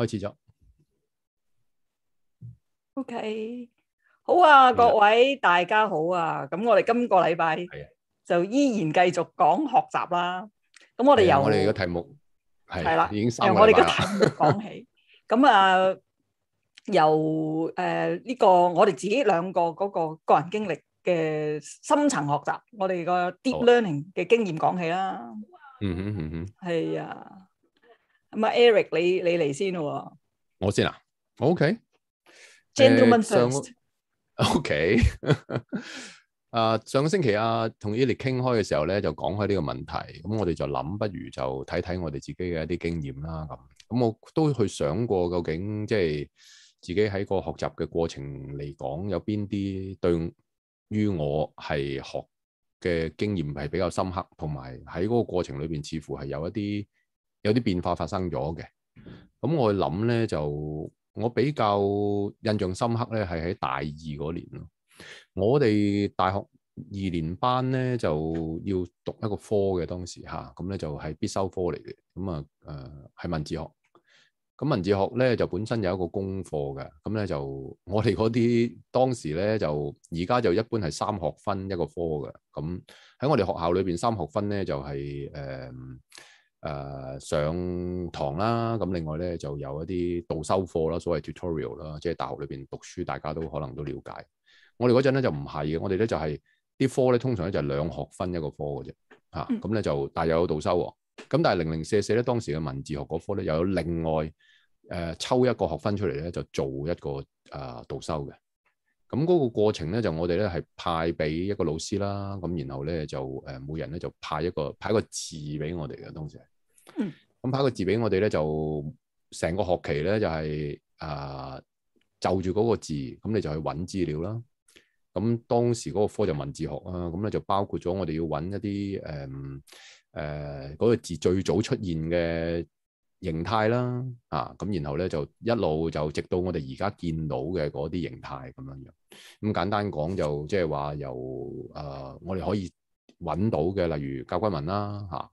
開始咗，OK，好啊，各位大家好啊，咁我哋今個禮拜就依然繼續講學習啦。咁我哋由我哋個題目係啦，已經由我哋個題目講起。咁啊，由誒呢個我哋自己兩個嗰個個人經歷嘅深層學習，我哋個 deep learning 嘅經驗講起啦。嗯嗯嗯嗯，係啊。咁啊，Eric，你你嚟先咯喎，我先啊，OK，gentlemen first，OK，啊，上個星期啊，同伊力傾開嘅時候咧，就講開呢個問題，咁我哋就諗，不如就睇睇我哋自己嘅一啲經驗啦，咁，咁我都去想過，究竟即係自己喺個學習嘅過程嚟講，有邊啲對於我係學嘅經驗係比較深刻，同埋喺嗰個過程裏邊，似乎係有一啲。有啲變化發生咗嘅，咁我諗咧就我比較印象深刻咧，係喺大二嗰年咯。我哋大學二年班咧就要讀一個科嘅。當時吓咁咧就係、是、必修科嚟嘅。咁啊誒係文字學，咁、嗯、文字學咧就本身有一個功課嘅，咁、嗯、咧就我哋嗰啲當時咧就而家就一般係三學分一個科嘅，咁、嗯、喺我哋學校裏邊三學分咧就係、是、誒。嗯誒、呃、上堂啦，咁、嗯、另外咧就有一啲導修課啦，所謂 tutorial 啦，即係大學裏邊讀書，大家都可能都了解。我哋嗰陣咧就唔係嘅，我哋咧就係啲科咧通常咧就係兩學分一個科嘅啫，嚇、啊，咁咧就但係又有導修喎、啊。咁但係零零四四咧當時嘅文字學嗰科咧又有另外誒、呃、抽一個學分出嚟咧就做一個誒、呃、導修嘅。咁、嗯、嗰、那個過程咧就我哋咧係派俾一個老師啦，咁然後咧就誒每人咧就派一個派一個字俾我哋嘅當時。嗯，咁派個字俾我哋咧，就成個學期咧就係啊就住嗰個字，咁你就去揾資料啦。咁當時嗰個科就文字學啊，咁咧就包括咗我哋要揾一啲誒誒嗰個字最早出現嘅形態啦，啊咁然後咧就一路就直到我哋而家見到嘅嗰啲形態咁樣樣。咁簡單講就即係話由誒我哋可以揾到嘅，例如甲骨文啦，吓、啊。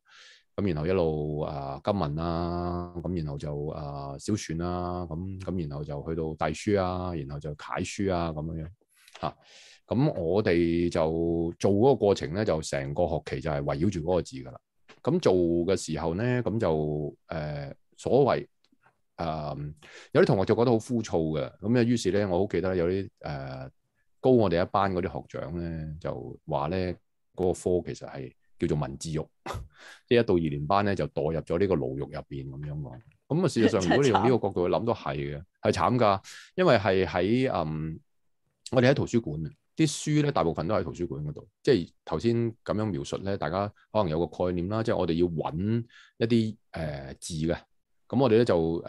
咁然後一路啊、呃、金文啊，咁然後就、呃、小篆啊，小篆啦，咁、嗯、咁然後就去到隸書啊，然後就楷書啊咁樣嚇。咁、啊嗯、我哋就做嗰個過程咧，就成個學期就係圍繞住嗰個字噶啦。咁、嗯、做嘅時候咧，咁就誒、呃、所謂啊、呃、有啲同學就覺得好枯燥嘅。咁啊於是咧，我好記得有啲誒、呃、高我哋一班嗰啲學長咧，就話咧嗰個科其實係叫做文字獄，即 係一到二年班咧，就墮入咗呢個牢獄入邊咁樣嘅。咁、嗯、啊，事實上如果你用呢個角度去諗，都係嘅，係慘噶。因為係喺嗯，我哋喺圖書館啲書咧大部分都喺圖書館嗰度。即係頭先咁樣描述咧，大家可能有個概念啦。即係我哋要揾一啲誒、呃、字嘅，咁我哋咧就誒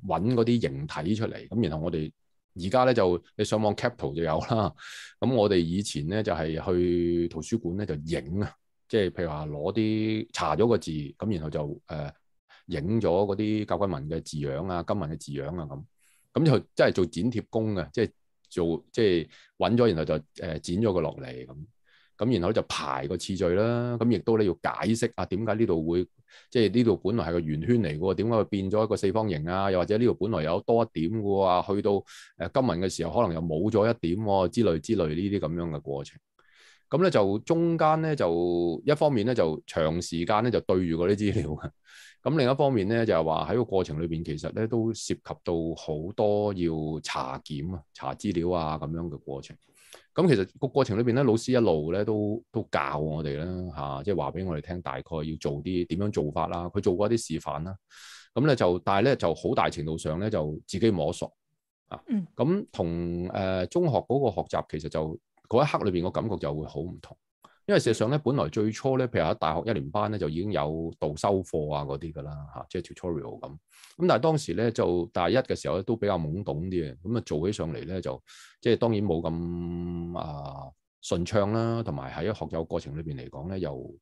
揾嗰啲形體出嚟。咁然後我哋而家咧就你上網 cap 圖就有啦。咁我哋以前咧就係、是、去圖書館咧就影啊。即係譬如話攞啲查咗個字，咁然後就誒影咗嗰啲甲骨文嘅字樣啊、金文嘅字樣啊咁，咁就真係做剪貼工嘅，即係做即係揾咗，然後就誒、呃、剪咗佢落嚟咁，咁然、呃、然後就排個次序啦。咁亦都咧要解釋啊，點解呢度會即係呢度本來係個圓圈嚟嘅喎？點解會變咗一個四方形啊？又或者呢度本來有多一點嘅喎？去到誒、呃、金文嘅時候，可能又冇咗一點喎、啊，之類之類呢啲咁樣嘅過程。咁咧就中間咧就一方面咧就長時間咧就對住嗰啲資料啊，咁另一方面咧就係話喺個過程裏邊其實咧都涉及到好多要查檢啊、查資料啊咁樣嘅過程。咁其實個過程裏邊咧，老師一路咧都都教我哋啦嚇，即係話俾我哋聽大概要做啲點樣做法啦，佢做過一啲示範啦。咁咧就但係咧就好大程度上咧就自己摸索啊。咁同誒、呃、中學嗰個學習其實就～嗰一刻裏邊個感覺就會好唔同，因為事實上咧，本來最初咧，譬如喺大學一年班咧，就已經有導修課啊嗰啲噶啦嚇，即係 tutorial 咁。咁但係當時咧就大一嘅時候咧，都比較懵懂啲嘅，咁、嗯、啊做起上嚟咧就即係當然冇咁啊順暢啦，同埋喺學習過程裏邊嚟講咧，又誒、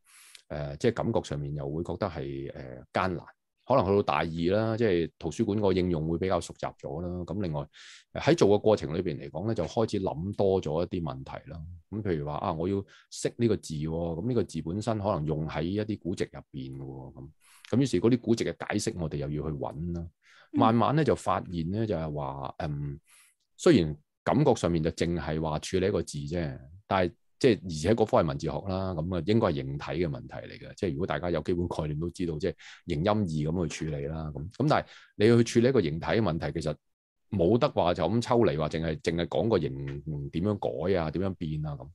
呃、即係感覺上面又會覺得係誒艱難。可能去到大二啦，即係圖書館個應用會比較熟習咗啦。咁另外喺做個過程裏邊嚟講咧，就開始諗多咗一啲問題啦。咁譬如話啊，我要識呢個字，咁呢個字本身可能用喺一啲古籍入邊嘅，咁咁於是嗰啲古籍嘅解釋，我哋又要去揾啦。慢慢咧就發現咧就係話，嗯，雖然感覺上面就淨係話處理一個字啫，但係。即係而且嗰科係文字學啦，咁啊應該係形體嘅問題嚟嘅。即係如果大家有基本概念都知道，即係形音義咁去處理啦。咁咁但係你要去處理一個形體嘅問題，其實冇得話就咁抽離話，淨係淨係講個形點樣改啊，點樣變啊咁。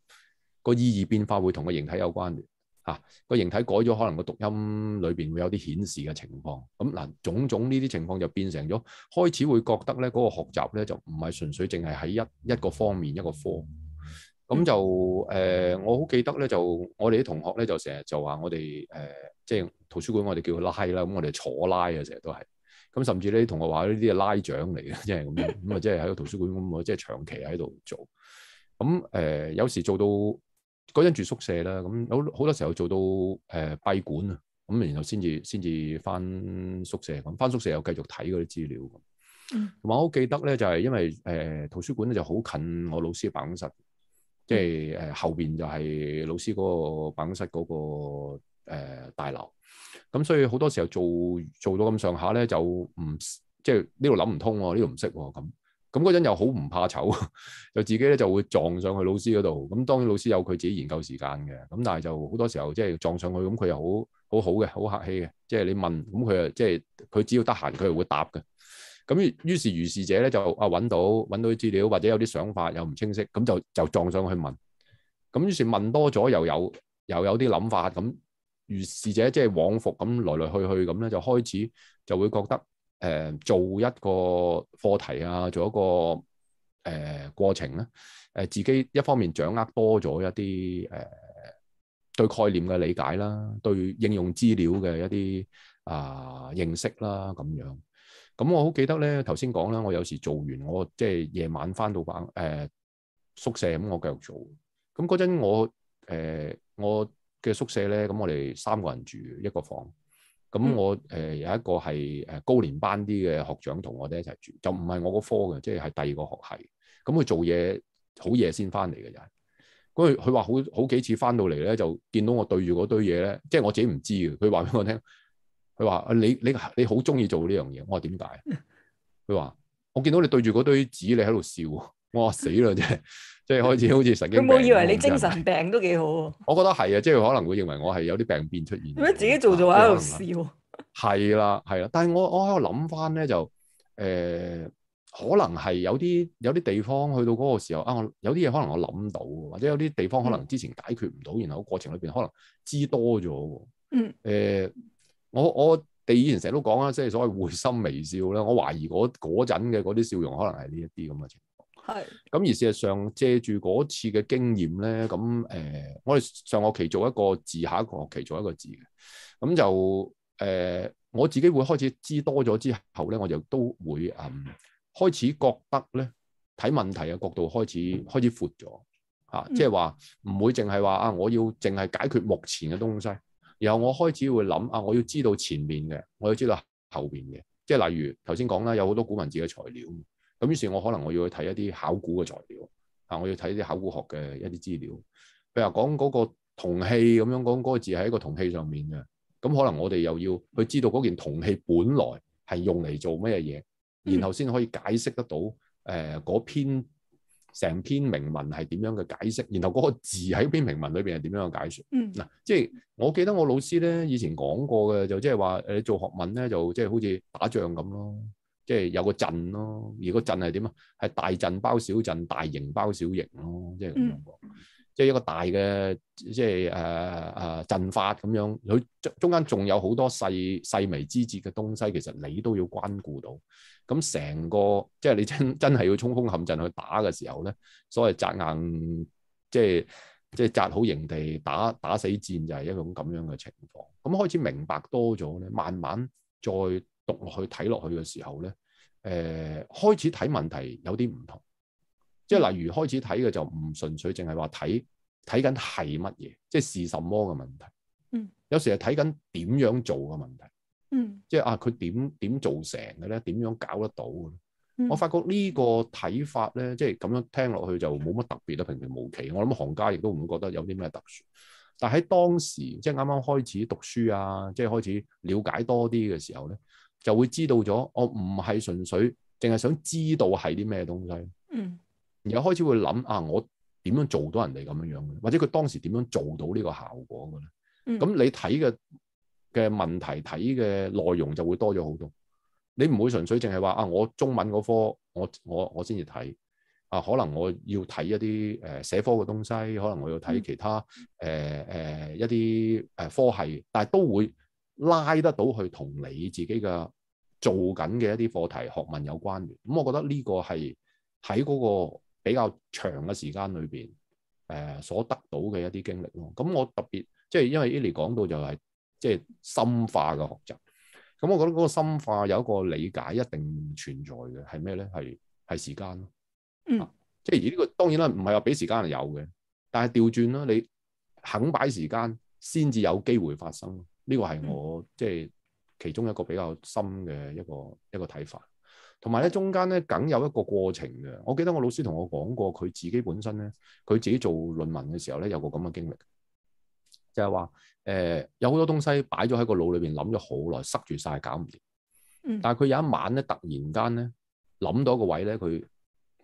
個意義變化會同個形體有關聯。啊、個形體改咗，可能個讀音裏邊會有啲顯示嘅情況。咁、啊、嗱，種種呢啲情況就變成咗開始會覺得咧嗰、個學習咧就唔係純粹淨係喺一一個方面一個科。咁、嗯、就誒、呃，我好記得咧，就我哋啲同學咧，就成日就話我哋誒，即、呃、係圖書館，我哋叫佢拉啦，咁我哋坐拉啊，成日都係。咁甚至啲同學話呢啲係拉獎嚟嘅，即係咁。咁啊，即係喺個圖書館咁啊，即係長期喺度做。咁、嗯、誒、呃，有時做到嗰陣住宿舍啦，咁好好多時候做到誒、呃、閉館啊。咁然後先至先至返宿舍咁，返宿舍又繼續睇嗰啲資料咁。同埋、嗯、我好記得咧，就係、是、因為誒、呃、圖書館咧就好近我老師嘅辦公室。即係誒、呃、後邊就係老師嗰個辦公室嗰、嗰個、呃、大樓，咁、嗯、所以好多時候做做到咁上下咧就唔即係呢度諗唔通喎、哦，呢度唔識喎咁。咁嗰陣又好唔怕醜，就 自己咧就會撞上去老師嗰度。咁、嗯、當然老師有佢自己研究時間嘅，咁、嗯、但係就好多時候即係撞上去，咁佢又好好好嘅，好客氣嘅。即係你問，咁佢啊即係佢只要得閒，佢係會答嘅。咁於是如是者咧就啊揾到揾到啲資料，或者有啲想法又唔清晰，咁就就撞上去問。咁於是問多咗又有又有啲諗法，咁如是者即係往復咁來來去去咁咧，就開始就會覺得誒、呃、做一個課題啊，做一個誒、呃、過程咧、啊，誒自己一方面掌握多咗一啲誒、呃、對概念嘅理解啦，對應用資料嘅一啲啊、呃、認識啦咁樣。咁我好記得咧，頭先講啦，我有時做完，我即係夜晚翻到班，誒、呃、宿舍咁，我繼續做。咁嗰陣我誒、呃、我嘅宿舍咧，咁我哋三個人住一個房。咁我誒、嗯呃、有一個係誒高年班啲嘅學長同我哋一齊住，就唔係我嗰科嘅，即係係第二個學系。咁佢做嘢好夜先翻嚟嘅就係，嗰佢話好好幾次翻到嚟咧，就見到我對住嗰堆嘢咧，即係我自己唔知嘅，佢話俾我聽。 佢話：你你你好中意做呢樣嘢？我話點解？佢話： 我見到你對住嗰堆紙，你喺度笑。我話死啦！啫，即係開始，好似神經病。佢冇以為你精神病都幾好啊？我覺得係啊，即係可能會認為我係有啲病變出現。點解自己做做喺度笑？係啦係啦，但係我我喺度諗翻咧，就誒、呃、可能係有啲有啲地方去到嗰個時候啊，有啲嘢可能我諗到，或者有啲地方可能之前解決唔到，嗯、然後過程裏邊可能知多咗。嗯。誒、嗯。嗯我我哋以前成日都講啊，即係所謂會心微笑咧。我懷疑嗰陣嘅嗰啲笑容，可能係呢一啲咁嘅情況。係是。咁而事實上，借住嗰次嘅經驗咧，咁誒、呃，我哋上個學期做一個字，下一個學期做一個字嘅。咁就誒、呃，我自己會開始知多咗之後咧，我就都會誒、嗯、開始覺得咧，睇問題嘅角度開始、嗯、開始闊咗。嚇、啊，即係話唔會淨係話啊，我要淨係解決目前嘅東西。然後我開始會諗啊，我要知道前面嘅，我要知道後面嘅，即係例如頭先講啦，有好多古文字嘅材料咁，於是，我可能我要去睇一啲考古嘅材料啊，我要睇啲考古學嘅一啲資料，譬如講嗰個銅器咁樣講嗰個字喺一個銅器上面嘅，咁可能我哋又要去知道嗰件銅器本來係用嚟做咩嘢，然後先可以解釋得到誒嗰、呃、篇。成篇名文係點樣嘅解釋，然後嗰個字喺篇名文裏邊係點樣嘅解說。嗱、嗯，即係我記得我老師咧以前講過嘅，就即係話誒做學問咧就即係好似打仗咁咯，即係有個陣咯，而個陣係點啊？係大陣包小陣，大型包小型咯，即係咁樣講。嗯即係一個大嘅，即係誒誒陣法咁樣，佢中間仲有好多細細微之節嘅東西，其實你都要關顧到。咁成個即係你真真係要衝鋒陷陣去打嘅時候咧，所謂紮硬，即係即係紮好營地打打死戰，就係一種咁樣嘅情況。咁開始明白多咗咧，慢慢再讀落去睇落去嘅時候咧，誒、呃、開始睇問題有啲唔同。即係例如開始睇嘅就唔純粹淨係話睇睇緊係乜嘢，即係是什麼嘅問題。嗯，有時係睇緊點樣做嘅問題。嗯，即係啊，佢點點做成嘅咧？點樣搞得到嘅咧？嗯、我發覺個呢個睇法咧，即係咁樣聽落去就冇乜特別啊，嗯、平平無奇。我諗行家亦都唔會覺得有啲咩特殊。但係喺當時，即係啱啱開始讀書啊，即係開始了解多啲嘅時候咧，就會知道咗我唔係純粹淨係想知道係啲咩東西。嗯。然後開始會諗啊，我點樣做到人哋咁樣樣嘅？或者佢當時點樣做到呢個效果嘅咧？咁、嗯、你睇嘅嘅問題、睇嘅內容就會多咗好多。你唔會純粹淨係話啊，我中文嗰科，我我我先至睇啊，可能我要睇一啲誒寫科嘅東西，可能我要睇其他誒誒、嗯呃呃、一啲誒、呃、科系，但係都會拉得到去同你自己嘅做緊嘅一啲課題、學問有關嘅。咁、嗯、我覺得呢個係喺嗰個。比較長嘅時間裏邊，誒、呃、所得到嘅一啲經歷咯。咁、嗯、我特別即係因為 Eli 講到就係即係深化嘅學習。咁、嗯、我覺得嗰個深化有一個理解一定存在嘅係咩咧？係係時間咯。嗯、啊。即係而呢個當然啦，唔係話俾時間係有嘅，但係調轉啦，你肯擺時間先至有機會發生。呢、這個係我、嗯、即係其中一個比較深嘅一個一個睇法。同埋咧，中間咧梗有一個過程嘅。我記得我老師同我講過，佢自己本身咧，佢自己做論文嘅時候咧，有個咁嘅經歷，就係話誒有好多東西擺咗喺個腦裏邊，諗咗好耐，塞住晒，搞唔掂。嗯。但係佢有一晚咧，突然間咧諗到個位咧，佢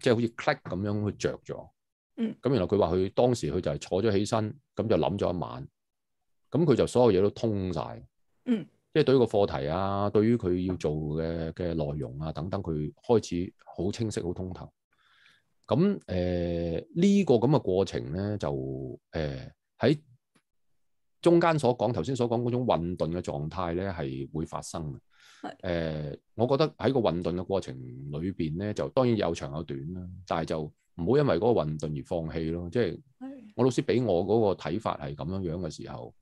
即係好似 click 咁樣去着咗。嗯。咁原來佢話佢當時佢就係坐咗起身，咁就諗咗一晚，咁佢就所有嘢都通晒。嗯。即係對於個課題啊，對於佢要做嘅嘅內容啊等等，佢開始好清晰、好通透。咁誒呢個咁嘅過程咧，就誒喺、呃、中間所講頭先所講嗰種混濁嘅狀態咧，係會發生嘅。係是、呃、我覺得喺個混濁嘅過程裏邊咧，就當然有長有短啦，但係就唔好因為嗰個混濁而放棄咯。即、就、係、是、是我老師俾我嗰個睇法係咁樣樣嘅時候。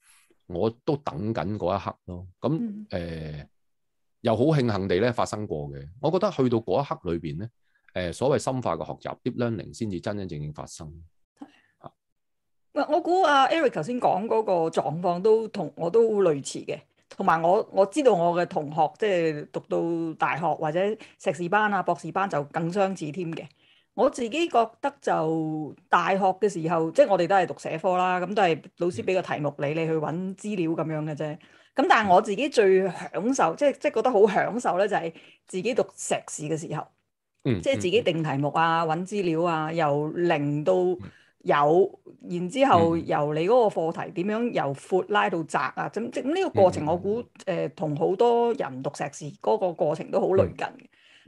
我都等緊嗰一刻咯，咁誒、呃、又好慶幸地咧發生過嘅。我覺得去到嗰一刻裏邊咧，誒、呃、所謂深化嘅學習 deep learning 先至真真正正發生吓。嗱，我估阿 Eric 頭先講嗰個狀況都同我都類似嘅，同埋我我知道我嘅同學即係、就是、讀到大學或者碩士班啊、博士班就更相似添嘅。我自己覺得就大學嘅時候，即係我哋都係讀社科啦，咁都係老師俾個題目你，嗯、你去揾資料咁樣嘅啫。咁但係我自己最享受，即係即係覺得好享受咧，就係自己讀碩士嘅時候，嗯、即係自己定題目啊、嗯、揾資料啊，由零到有，嗯、然之後由你嗰個課題點樣由闊拉到窄啊，咁即呢個過程，我估誒、嗯嗯呃、同好多人讀碩士嗰、嗰個過程都好類近。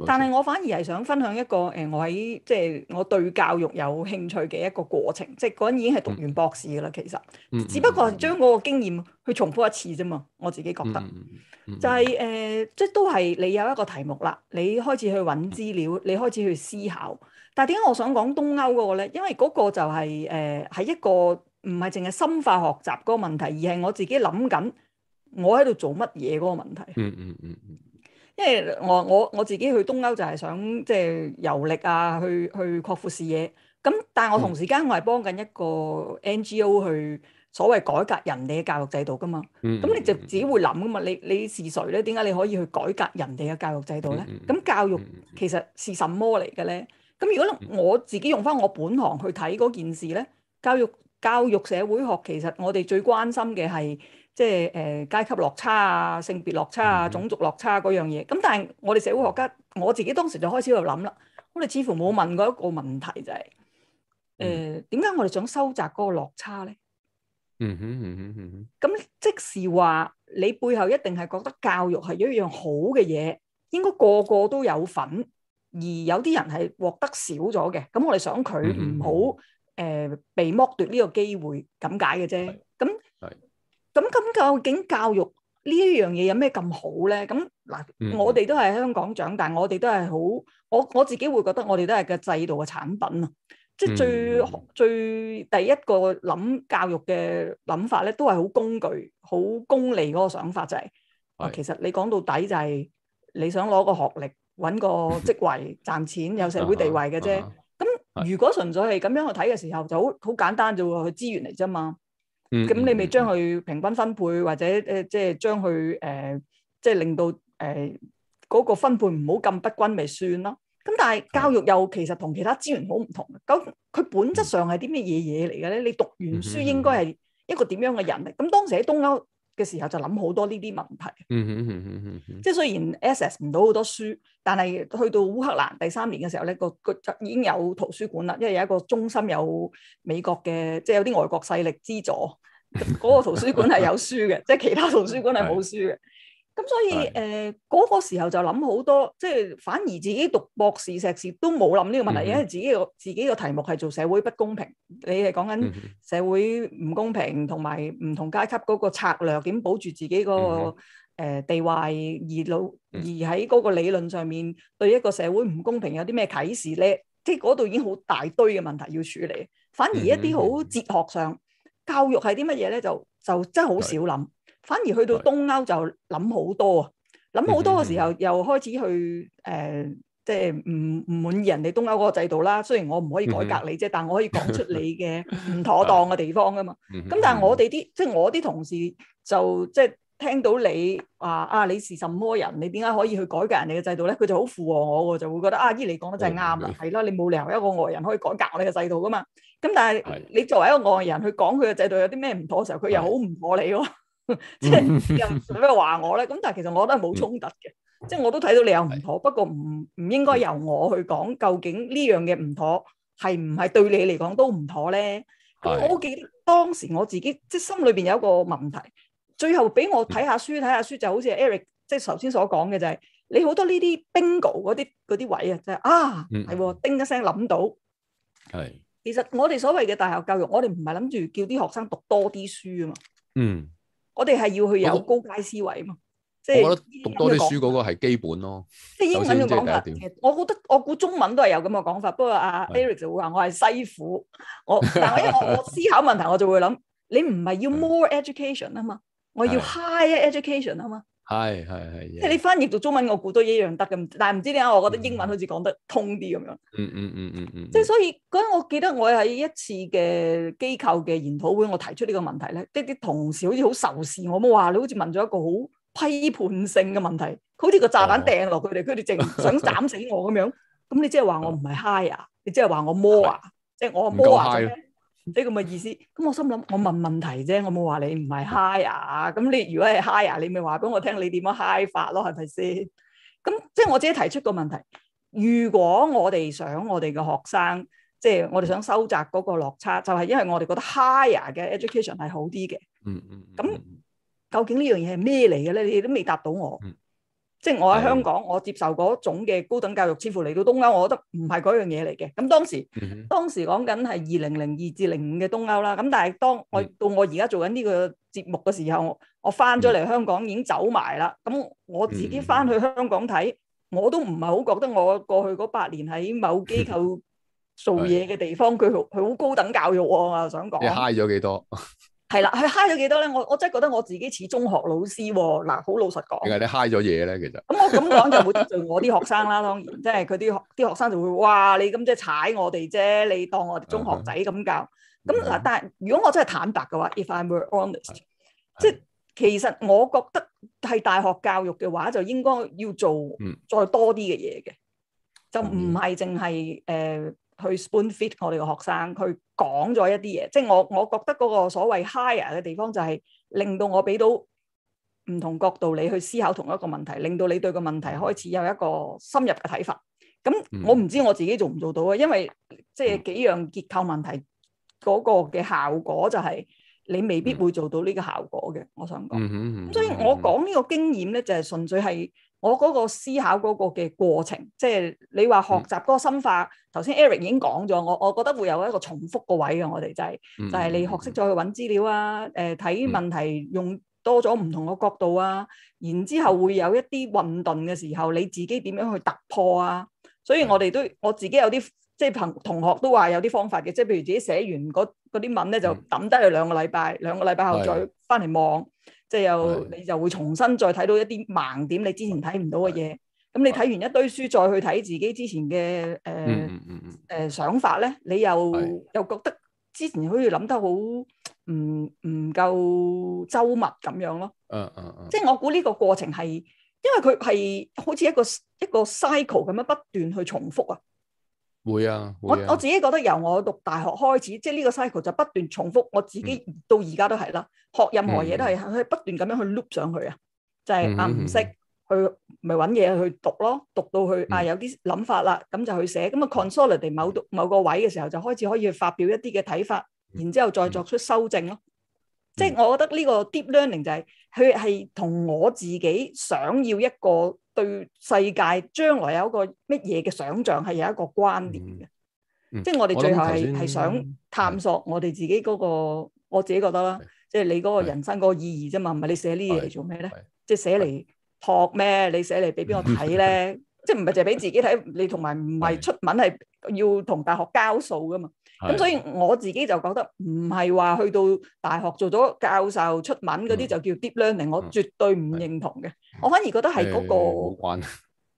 但係我反而係想分享一個，誒、呃，我喺即係我對教育有興趣嘅一個過程，即係嗰人已經係讀完博士噶啦。嗯、其實，只不過將我嘅經驗去重複一次啫嘛。我自己覺得、嗯嗯嗯、就係、是、誒、呃，即係都係你有一個題目啦，你開始去揾資料，你開始去思考。但係點解我想講東歐嗰個咧？因為嗰個就係、是、誒，係、呃、一個唔係淨係深化學習嗰個問題，而係我自己諗緊我喺度做乜嘢嗰個問題。嗯嗯嗯嗯。嗯嗯因為我我我自己去東歐就係想即係遊歷啊，去去擴闊視野。咁但係我同時間我係幫緊一個 NGO 去所謂改革人哋嘅教育制度㗎嘛。咁你就自己會諗㗎嘛？你你係誰呢？點解你可以去改革人哋嘅教育制度呢？咁教育其實係什麼嚟嘅呢？咁如果我自己用返我本行去睇嗰件事呢，教育教育社會學其實我哋最關心嘅係。即係誒階級落差啊、性別落差啊、種族落差嗰樣嘢。咁、嗯、哼但係我哋社會學家，我自己當時就開始喺度諗啦。我哋似乎冇問過一個問題就係、是，誒點解我哋想收窄嗰個落差咧？嗯哼嗯哼嗯哼。咁即是話你背後一定係覺得教育係一樣好嘅嘢，應該個個都有份，而有啲人係獲得少咗嘅。咁我哋想佢唔好誒被剝奪呢個機會，咁解嘅啫。咁咁咁究竟教育呢一樣嘢有咩咁好咧？咁嗱，嗯、我哋都係香港長大，我哋都係好，我我自己會覺得我哋都係個制度嘅產品啊！即係最、嗯、最第一個諗教育嘅諗法咧，都係好工具、好功利嗰個想法、就係，就係是其實你講到底就係、是、你想攞個學歷揾個職位賺錢 有社會地位嘅啫。咁、啊啊、如果純粹係咁樣去睇嘅時候，就好好簡單就會去資源嚟啫嘛。咁你咪將佢平均分配，或者誒即係將佢誒即係令到誒嗰個分配唔好咁不均咪算咯。咁但係教育又其實同其他資源好唔同，咁佢本質上係啲咩嘢嘢嚟嘅咧？你讀完書應該係一個點樣嘅人嚟？咁當時喺東歐。嘅時候就諗好多呢啲問題，嗯嗯嗯嗯嗯， 即係雖然 access 唔到好多書，但係去到烏克蘭第三年嘅時候咧，個個已經有圖書館啦，因為有一個中心有美國嘅，即係有啲外國勢力資助，嗰個圖書館係有書嘅， 即係其他圖書館係冇書嘅。 咁所以，誒嗰個時候就諗好多，即係反而自己讀博士、碩士都冇諗呢個問題，嗯嗯，因為自己個自己個題目係做社會不公平。你係講緊社會唔公平，同埋唔同階級嗰個策略點保住自己嗰個嗯嗯、呃、地位而老而喺嗰個理論上面、嗯、對一個社會唔公平有啲咩啟示咧？即係嗰度已經好大堆嘅問題要處理，反而一啲好哲學上教育係啲乜嘢咧？就就，就真係好少諗。反而去到東歐就諗好多啊，諗好的多嘅時候又開始去誒，即係唔唔滿意人哋東歐嗰個制度啦。雖然我唔可以改革你啫， 但我可以講出你嘅唔妥當嘅地方㗎嘛。咁、嗯、但係我哋啲即係我啲同事就即係、就是、聽到你話啊，你是什麼人？你點解可以去改革人哋嘅制度咧？佢就好附和我嘅，就會覺得阿姨、啊，你講得就係啱啦，係啦，你冇理由一個外人可以改革我哋嘅制度㗎嘛。咁但係你作為一個外人去講佢嘅制度有啲咩唔妥嘅時候，佢又好唔妥你喎。即係又做咩話我咧？咁但係其實我都係冇衝突嘅，即係我都睇到你又唔妥，不過唔唔應該由我去講，究竟呢樣嘅唔妥係唔係對你嚟講都唔妥咧？咁我記得當時我自己即係心裏邊有一個問題，最後俾我睇下書睇下書，就好似 Eric 即係頭先所講嘅就係你好多呢啲 Bingo 嗰啲嗰啲位啊，就係啊係叮一聲諗到係。其實我哋所謂嘅大學教育，我哋唔係諗住叫啲學生讀多啲書啊嘛，嗯。我哋係要去有高階思維嘛，即係讀多啲書嗰個係基本咯。即係英文嘅講法，就就我覺得我估中文都係有咁嘅講法。不過阿、啊、是 Eric 就會話我係西虎，我 但係因為我我思考問題我就會諗，你唔係要 more education 啊嘛是，我要 higher education 啊嘛。係係係，即係、hey, hey, yeah. 你翻譯到中文，我估都一樣得嘅。但係唔知點解，我覺得英文好似講得通啲咁樣。嗯嗯嗯嗯嗯，即、hmm. 係、mm hmm. mm hmm. mm hmm. 所以嗰陣我記得我喺一次嘅機構嘅研討會，我提出呢個問題咧，即係啲同事好似好仇視我，冇話你好似問咗一個好批判性嘅問題，好似個炸彈掟落佢哋，佢哋淨想斬死我咁樣。咁 你即係話我唔係 high 啊？你即係話我摩啊？即係是我摩啊夠啲咁嘅意思，咁我心諗，我問問題啫，我冇話你唔係 higher 啊！咁你如果係 higher 啊，你咪話俾我聽你點樣 high 法咯，係咪先？咁即係我自己提出個問題，如果我哋想我哋嘅學生，即係我哋想收集嗰個落差，就係、是、因為我哋覺得 higher 嘅 education 係好啲嘅。嗯嗯。咁究竟呢樣嘢係咩嚟嘅咧？你都未答到我。即係我喺香港，我接受嗰種嘅高等教育，似乎嚟到東歐，我覺得唔係嗰樣嘢嚟嘅。咁當時，嗯、哼當時講緊係二零零二至零五嘅東歐啦。咁但係當我到我而家做緊呢個節目嘅時候，我我翻咗嚟香港、嗯、哼已經走埋啦。咁我自己翻去香港睇，嗯、哼我都唔係好覺得我過去嗰八年喺某機構做嘢嘅地方，佢好佢好高等教育啊！我想講，你 high 咗幾多？ 係啦，佢 high 咗幾多咧？我我真係覺得我自己似中學老師喎、喔，嗱、啊，好老實講。點解你 high 咗嘢咧？其實咁、嗯、我咁講就會得罪我啲學生啦。 當然，即係佢啲學啲學生就會哇，你咁即係踩我哋啫？你當我哋中學仔咁教咁嗱？ 但係如果我真係坦白嘅話，If I were honest， 即係其實我覺得係大學教育嘅話，就應該要做再多啲嘅嘢嘅，就唔係淨係誒。呃去 spoon feed 我哋嘅學生，去講咗一啲嘢，即係我我覺得嗰個所謂 higher 嘅地方就係令到我俾到唔同角度你去思考同一個問題，令到你對個問題開始有一個深入嘅睇法。咁我唔知我自己做唔做到啊，因為，、嗯、因為即係幾樣結構問題嗰、嗯、個嘅效果就係你未必會做到呢個效果嘅。我想講，嗯嗯嗯、所以我講呢個經驗咧，就係、是、純粹係。我嗰個思考嗰個嘅過程，即係你話學習嗰個深化。頭先、嗯、Eric 已經講咗，我我覺得會有一個重複個位嘅。我哋就係、是、就係、是、你學識咗去揾資料啊，誒、呃、睇問題用多咗唔同個角度啊，嗯、然之後會有一啲混沌嘅時候，你自己點樣去突破啊？所以我哋都我自己有啲即係朋同學都話有啲方法嘅，即係譬如自己寫完嗰啲文咧，就抌低佢兩個禮拜，兩個禮拜後再翻嚟望。即係又的你就會重新再睇到一啲盲點，你之前睇唔到嘅嘢。咁的你睇完一堆書，再去睇自己之前嘅誒誒想法咧，你又的又覺得之前好似諗得好唔唔夠周密咁樣咯。嗯嗯嗯。即係我估呢個過程係，因為佢係好似一個一個 cycle 咁樣不斷去重複啊。會啊！會啊我我自己覺得由我讀大學開始，即係呢個 cycle 就不斷重複。我自己到而家都係啦，嗯、學任何嘢都係喺、嗯、不斷咁樣去 loop 上去啊，嗯、就係啊唔識去咪揾嘢去讀咯，讀到去啊有啲諗法啦，咁就去寫，咁啊 consolidate 某某個位嘅時候就開始可以去發表一啲嘅睇法，然之後再作出修正咯。即係我覺得呢個 deep learning 就係佢係同我自己想要一個。對世界將來有一個乜嘢嘅想象係有一個關聯嘅，即係我哋最後係係想探索我哋自己嗰個，我自己覺得啦，即係你嗰個人生嗰個意義啫嘛，唔係你寫呢嘢嚟做咩咧？即係寫嚟托咩？你寫嚟俾邊個睇咧？即係唔係淨係俾自己睇？你同埋唔係出文係要同大學交數噶嘛？咁所以我自己就覺得唔係話去到大學做咗教授出文嗰啲就叫 deep learning，我絕對唔認同嘅。嗯、我反而覺得、嗰個哎、冇關係嗰個、啊、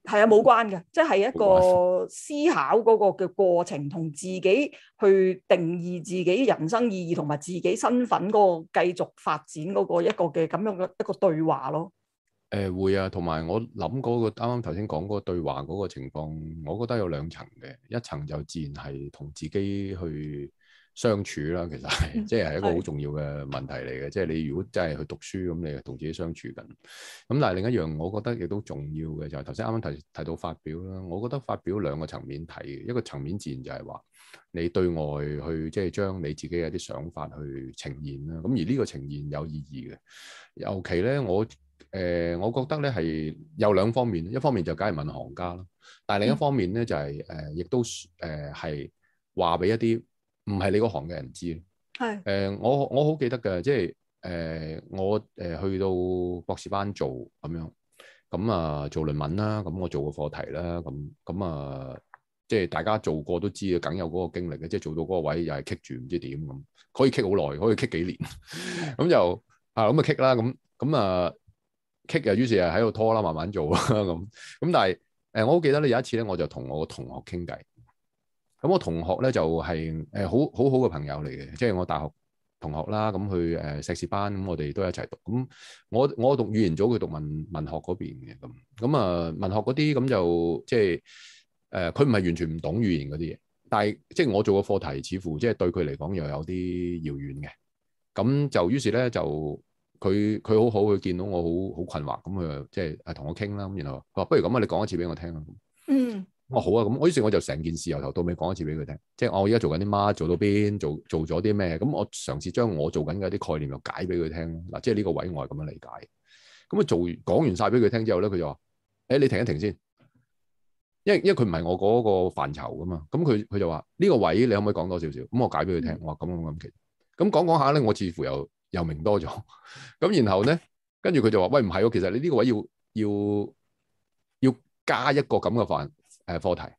係啊冇關嘅，即係一個思考嗰個嘅過程，同自己去定義自己人生意義同埋自己身份嗰個繼續發展嗰個一個嘅咁樣嘅一個對話咯。誒，會啊，同埋我諗嗰個啱啱頭先講嗰個對話嗰個情況，我覺得有兩層嘅。一層就自然係同自己去相處啦，其實係 即係一個好重要嘅問題嚟嘅。即係 你如果真係去讀書，咁你同自己相處緊。咁但係另一樣，我覺得亦都重要嘅就係頭先啱啱提提到發表啦。我覺得發表兩個層面睇，一個層面自然就係話你對外去即係將你自己一啲想法去呈現啦。咁而呢個呈現有意義嘅，尤其咧我。誒、呃，我覺得咧係有兩方面，一方面就梗係問行家啦，但係另一方面咧就係、是、誒，亦、呃、都誒係話俾一啲唔係你嗰行嘅人知。係誒是、呃，我我好記得嘅，即係誒、呃、我誒、呃、去到博士班做咁樣，咁啊做論文啦，咁我做個課題啦，咁咁啊，即、就、係、是、大家做過都知啊，梗有嗰個經歷嘅，即係做到嗰個位又係棘住，唔知點咁，可以棘好耐，可以棘幾年，咁 就啊咁啊棘啦，咁咁啊～棘啊，於是啊喺度拖啦，慢慢做啦咁。咁但係誒、呃，我好記得咧，有一次咧，我就同我個同學傾偈。咁我同學咧就係、是、誒好好好嘅朋友嚟嘅，即係我大學同學啦。咁佢誒碩士班，咁我哋都一齊讀。咁我我讀語言組，佢讀文文學嗰邊嘅。咁咁啊，文學嗰啲咁就即係誒，佢唔係完全唔懂語言嗰啲嘢，但係即係我做嘅課題，似乎即係對佢嚟講又有啲遙遠嘅。咁就於是咧就。佢佢好好，佢見到我好好困惑，咁佢即係係同我傾啦。咁然後佢話：不如咁啊，你講一次俾我聽啊。嗯，我好啊。咁我於是我就成件事由頭到尾講一次俾佢聽。即係我依家做緊啲乜，做到邊，做做咗啲咩？咁我嘗試將我做緊嘅啲概念又解俾佢聽。嗱，即係呢個位我係咁樣理解。咁啊做講完晒俾佢聽之後咧，佢就話：誒，你停一停先，因為因為佢唔係我嗰個範疇噶嘛。咁佢佢就話：呢個位你可唔可以講多少少？咁我解俾佢聽。我話：咁咁咁，其實講講下咧，我似乎又……又明多咗，咁然後咧，跟住佢就話：喂，唔係喎，其實你呢個位要要要加一個咁嘅課誒課題，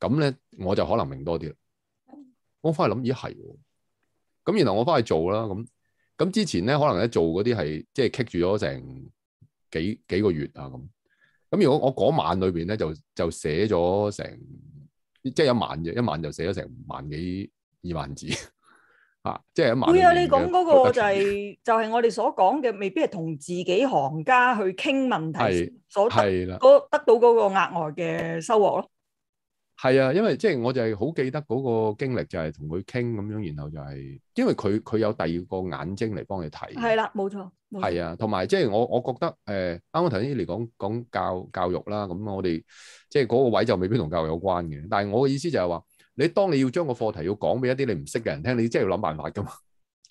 咁咧我就可能明多啲啦。我返去諗，咦係喎，咁然後我返去做啦。咁咁之前咧，可能咧做嗰啲係即係棘住咗成幾幾個月啊咁。咁如果我嗰晚裏邊咧就就寫咗成即係一晚啫，一晚就寫咗成萬幾二萬字。啊！即係一晚。會啊！你講嗰個就係、是、 就係我哋所講嘅，未必係同自己行家去傾問題，所得嗰得到嗰個額外嘅收穫咯。係啊，因為即係我就係好記得嗰個經歷，就係同佢傾咁樣，然後就係、是、因為佢佢有第二個眼睛嚟幫你睇。係啦，冇錯。係啊，同埋即係我我覺得誒，啱啱頭先嚟講講教教育啦，咁我哋即係嗰個位就未必同教育有關嘅，但係我嘅意思就係話。你當你要將個課題要講俾一啲你唔識嘅人聽，你真係要諗辦法㗎嘛？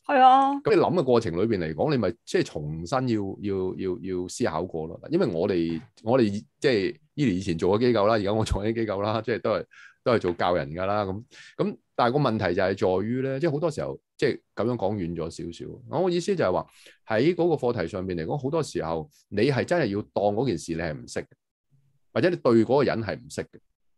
係啊。咁你諗嘅過程裏邊嚟講，你咪即係重新要要要要思考過咯。因為我哋我哋即係依年以前做嘅機構啦，而家我做啲機構啦，即係都係都係做教人㗎啦。咁咁，但係個問題就係在於咧，即係好多時候即係咁樣講遠咗少少。我嘅意思就係話喺嗰個課題上邊嚟講，好多時候你係真係要當嗰件事你係唔識嘅，或者你對嗰個人係唔識嘅。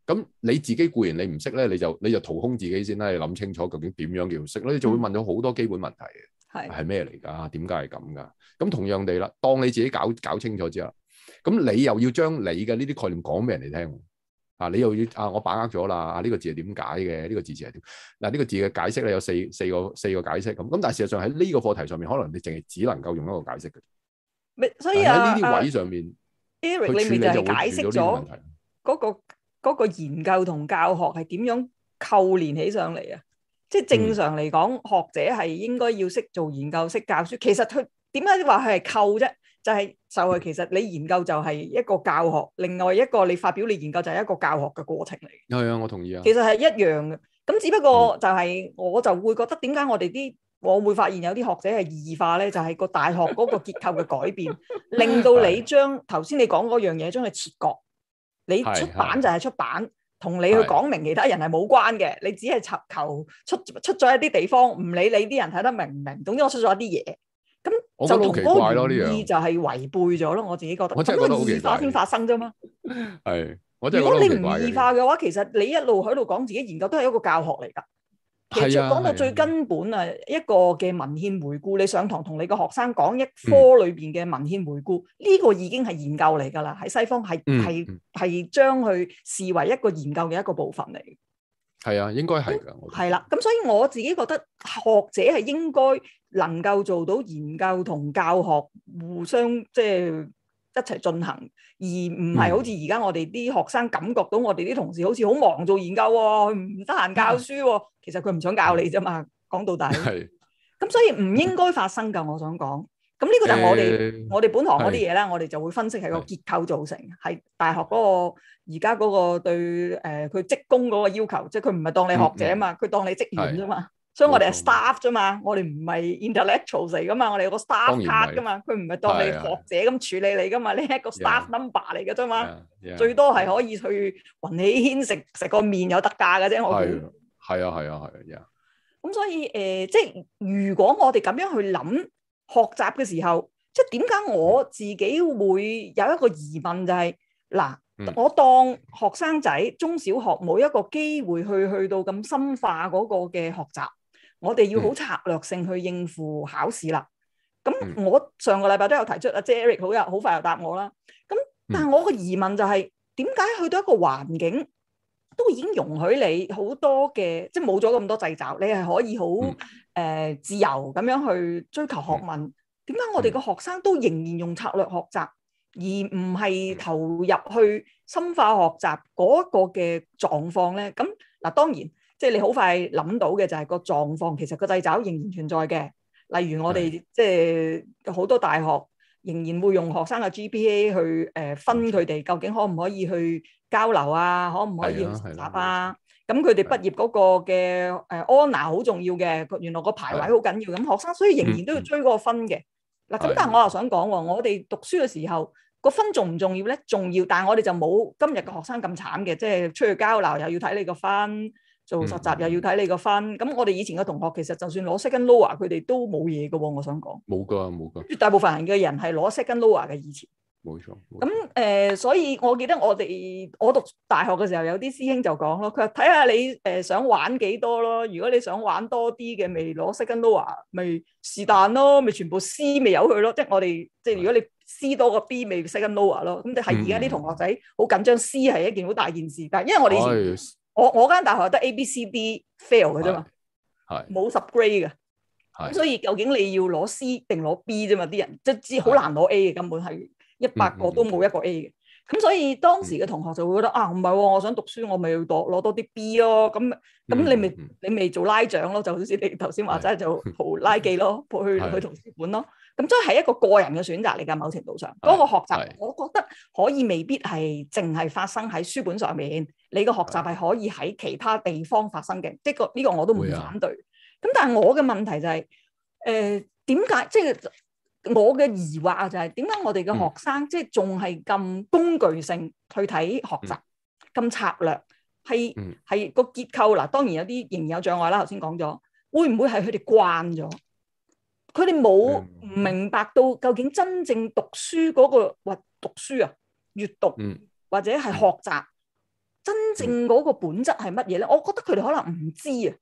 咁你自己固然你唔識咧，你就你就掏空自己先啦。你諗清楚究竟點樣要識咧，嗯、你就會問到好多基本問題嘅。係係咩嚟㗎？點解係咁㗎？咁同樣地啦，當你自己搞搞清楚之後，咁你又要將你嘅呢啲概念講俾人哋聽啊！你又要啊，我把握咗啦呢個字係點解嘅？呢、呢個字詞係點？嗱、啊，呢、呢個字嘅解釋咧有四四個四個解釋咁。咁、啊、但係事實上喺呢個課題上面，可能你淨係只能夠用一個解釋嘅。所以喺呢啲位上面，佢、uh, Eric 處理就解釋咗嗰、嗰個。嗰個研究同教學係點樣扣連起上嚟啊？即係正常嚟講，嗯、學者係應該要識做研究、識教書。其實佢點解話佢係扣啫？就係就係其實你研究就係一個教學，另外一個你發表你研究就係一個教學嘅過程嚟。係啊，我同意啊。其實係一樣嘅，咁只不過就係我就會覺得點解我哋啲我會發現有啲學者係異化咧，就係、是、個大學嗰個結構嘅改變， 令到你將頭先你講嗰樣嘢將佢切割。你出版就係出版，同是你去講明其他人係冇關嘅，是是你只係尋求出出咗一啲地方，唔理你啲人睇得明唔明，總之我出咗一啲嘢，咁就同嗰個意就係違背咗咯。我，我自己覺得，因為異化先發生啫嘛。係，如果你唔異化嘅話，其實你一路喺度講自己研究都係一個教學嚟㗎。其實講到最根本啊，一個嘅文獻回顧，啊啊、你上堂同你個學生講一科裏邊嘅文獻回顧，呢、嗯、個已經係研究嚟噶啦，喺西方係係係將佢視為一個研究嘅一個部分嚟。係啊，應該係噶。係啦那，咁覺、啊、所以我自己覺得學者係應該能夠做到研究同教學互相即係。一齊進行，而唔係好似而家我哋啲學生感覺到我哋啲同事好似好忙做研究喎、哦，唔得閒教書喎、哦。其實佢唔想教你啫嘛，講到底。咁是所以唔應該發生㗎，我想講。咁呢個就係我哋、欸、我哋本行嗰啲嘢咧，是我哋就會分析係個結構造成，係是大學嗰個而家嗰個對佢、呃、職工嗰個要求，即係佢唔係當你學者啊嘛，佢、嗯、當你職員啫嘛。所以我哋係 staff 啫嘛，我哋唔係 intellectual 嚟噶嘛，我哋有個 staff card 噶嘛，佢唔係當你學者咁處理你噶嘛，你一個 staff number 嚟噶啫嘛，最多係可以去雲起軒食食個麵有特價嘅啫。我係啊，係啊，係啊，咁所以誒，即係如果我哋咁樣去諗學習嘅時候，即係點解我自己會有一個疑問就係嗱，我當學生仔，中小學冇一個機會去去到咁深化嗰個嘅學習。我哋要好策略性去應付考試啦。咁我上個禮拜都有提出，阿 Jeric 好又好快又答我啦。咁但係我個疑問就係，是，點解去到一個環境都已經容許你好多嘅，即係冇咗咁多掣肘，你係可以好誒、嗯呃、自由咁樣去追求學問？點解、嗯、我哋個學生都仍然用策略學習，而唔係投入去深化學習嗰一個嘅狀況咧？咁嗱，當然。即係你好快諗到嘅就係個狀況，其實個掣肘仍然存在嘅。例如我哋即係好多大學仍然會用學生嘅 GPA 去誒分佢哋究竟可唔可以去交流啊？可唔可以去實習啊？咁佢哋畢業嗰個嘅誒、呃、honour 好重要嘅，原來個排位好緊要。咁學生的所以仍然都要追嗰個分嘅。嗱咁的，但係我又想講喎，嗯嗯、我哋讀書嘅時候，個分重唔重要咧？重要，但係我哋就冇今日嘅學生咁慘嘅，即係出去交流又要睇你個分。做實習又要睇你個分，咁、嗯、我哋以前嘅同學其實就算攞 Second Lower，佢哋都冇嘢嘅喎。我想講冇㗎，冇㗎。絕大部分人嘅人係攞 Second Lower 嘅以前。冇錯。咁誒、呃，所以我記得我哋我讀大學嘅時候，有啲師兄就講咯，佢話睇下你誒想玩幾多咯。如果你想玩多啲嘅，咪攞 Second Lower，咪是但咯，咪全部 C 咪由佢咯。即、就、係、是、我哋即係如果你 C 多個 B，咪 Second Lower 咯。咁就係而家啲同學仔好緊張 C 係一件好大件事，但係因為我哋、哎。我我間大學得 A、B、C、D fail 嘅啫嘛，係冇 sub grade 嘅，咁所以究竟你要攞 C 定攞 B 啫嘛？啲人即知好難攞 A 嘅，根本係一百個都冇一個 A 嘅。咁所以當時嘅同學就會覺得啊，唔係，我想讀書，我咪要攞攞多啲 B 咯。咁咁你咪你咪做拉獎咯，就好似你頭先話齋就好拉記咯，去去圖書館咯。咁即係一個個人嘅選擇嚟噶，某程度上嗰個學習，我覺得可以未必係淨係發生喺書本上面。你嘅學習係可以喺其他地方發生嘅，即係呢個我都唔反對。咁、啊、但係我嘅問題就係、是，誒點解？即係、就是、我嘅疑惑就係點解我哋嘅學生即係仲係咁工具性去睇學習，咁、嗯、策略係係個結構嗱。當然有啲仍然有障礙啦。頭先講咗，會唔會係佢哋慣咗？佢哋冇唔明白到究竟真正讀書嗰、那個或讀書啊、閱讀、嗯、或者係學習。真正嗰個本質係乜嘢咧？我覺得佢哋可能唔知啊，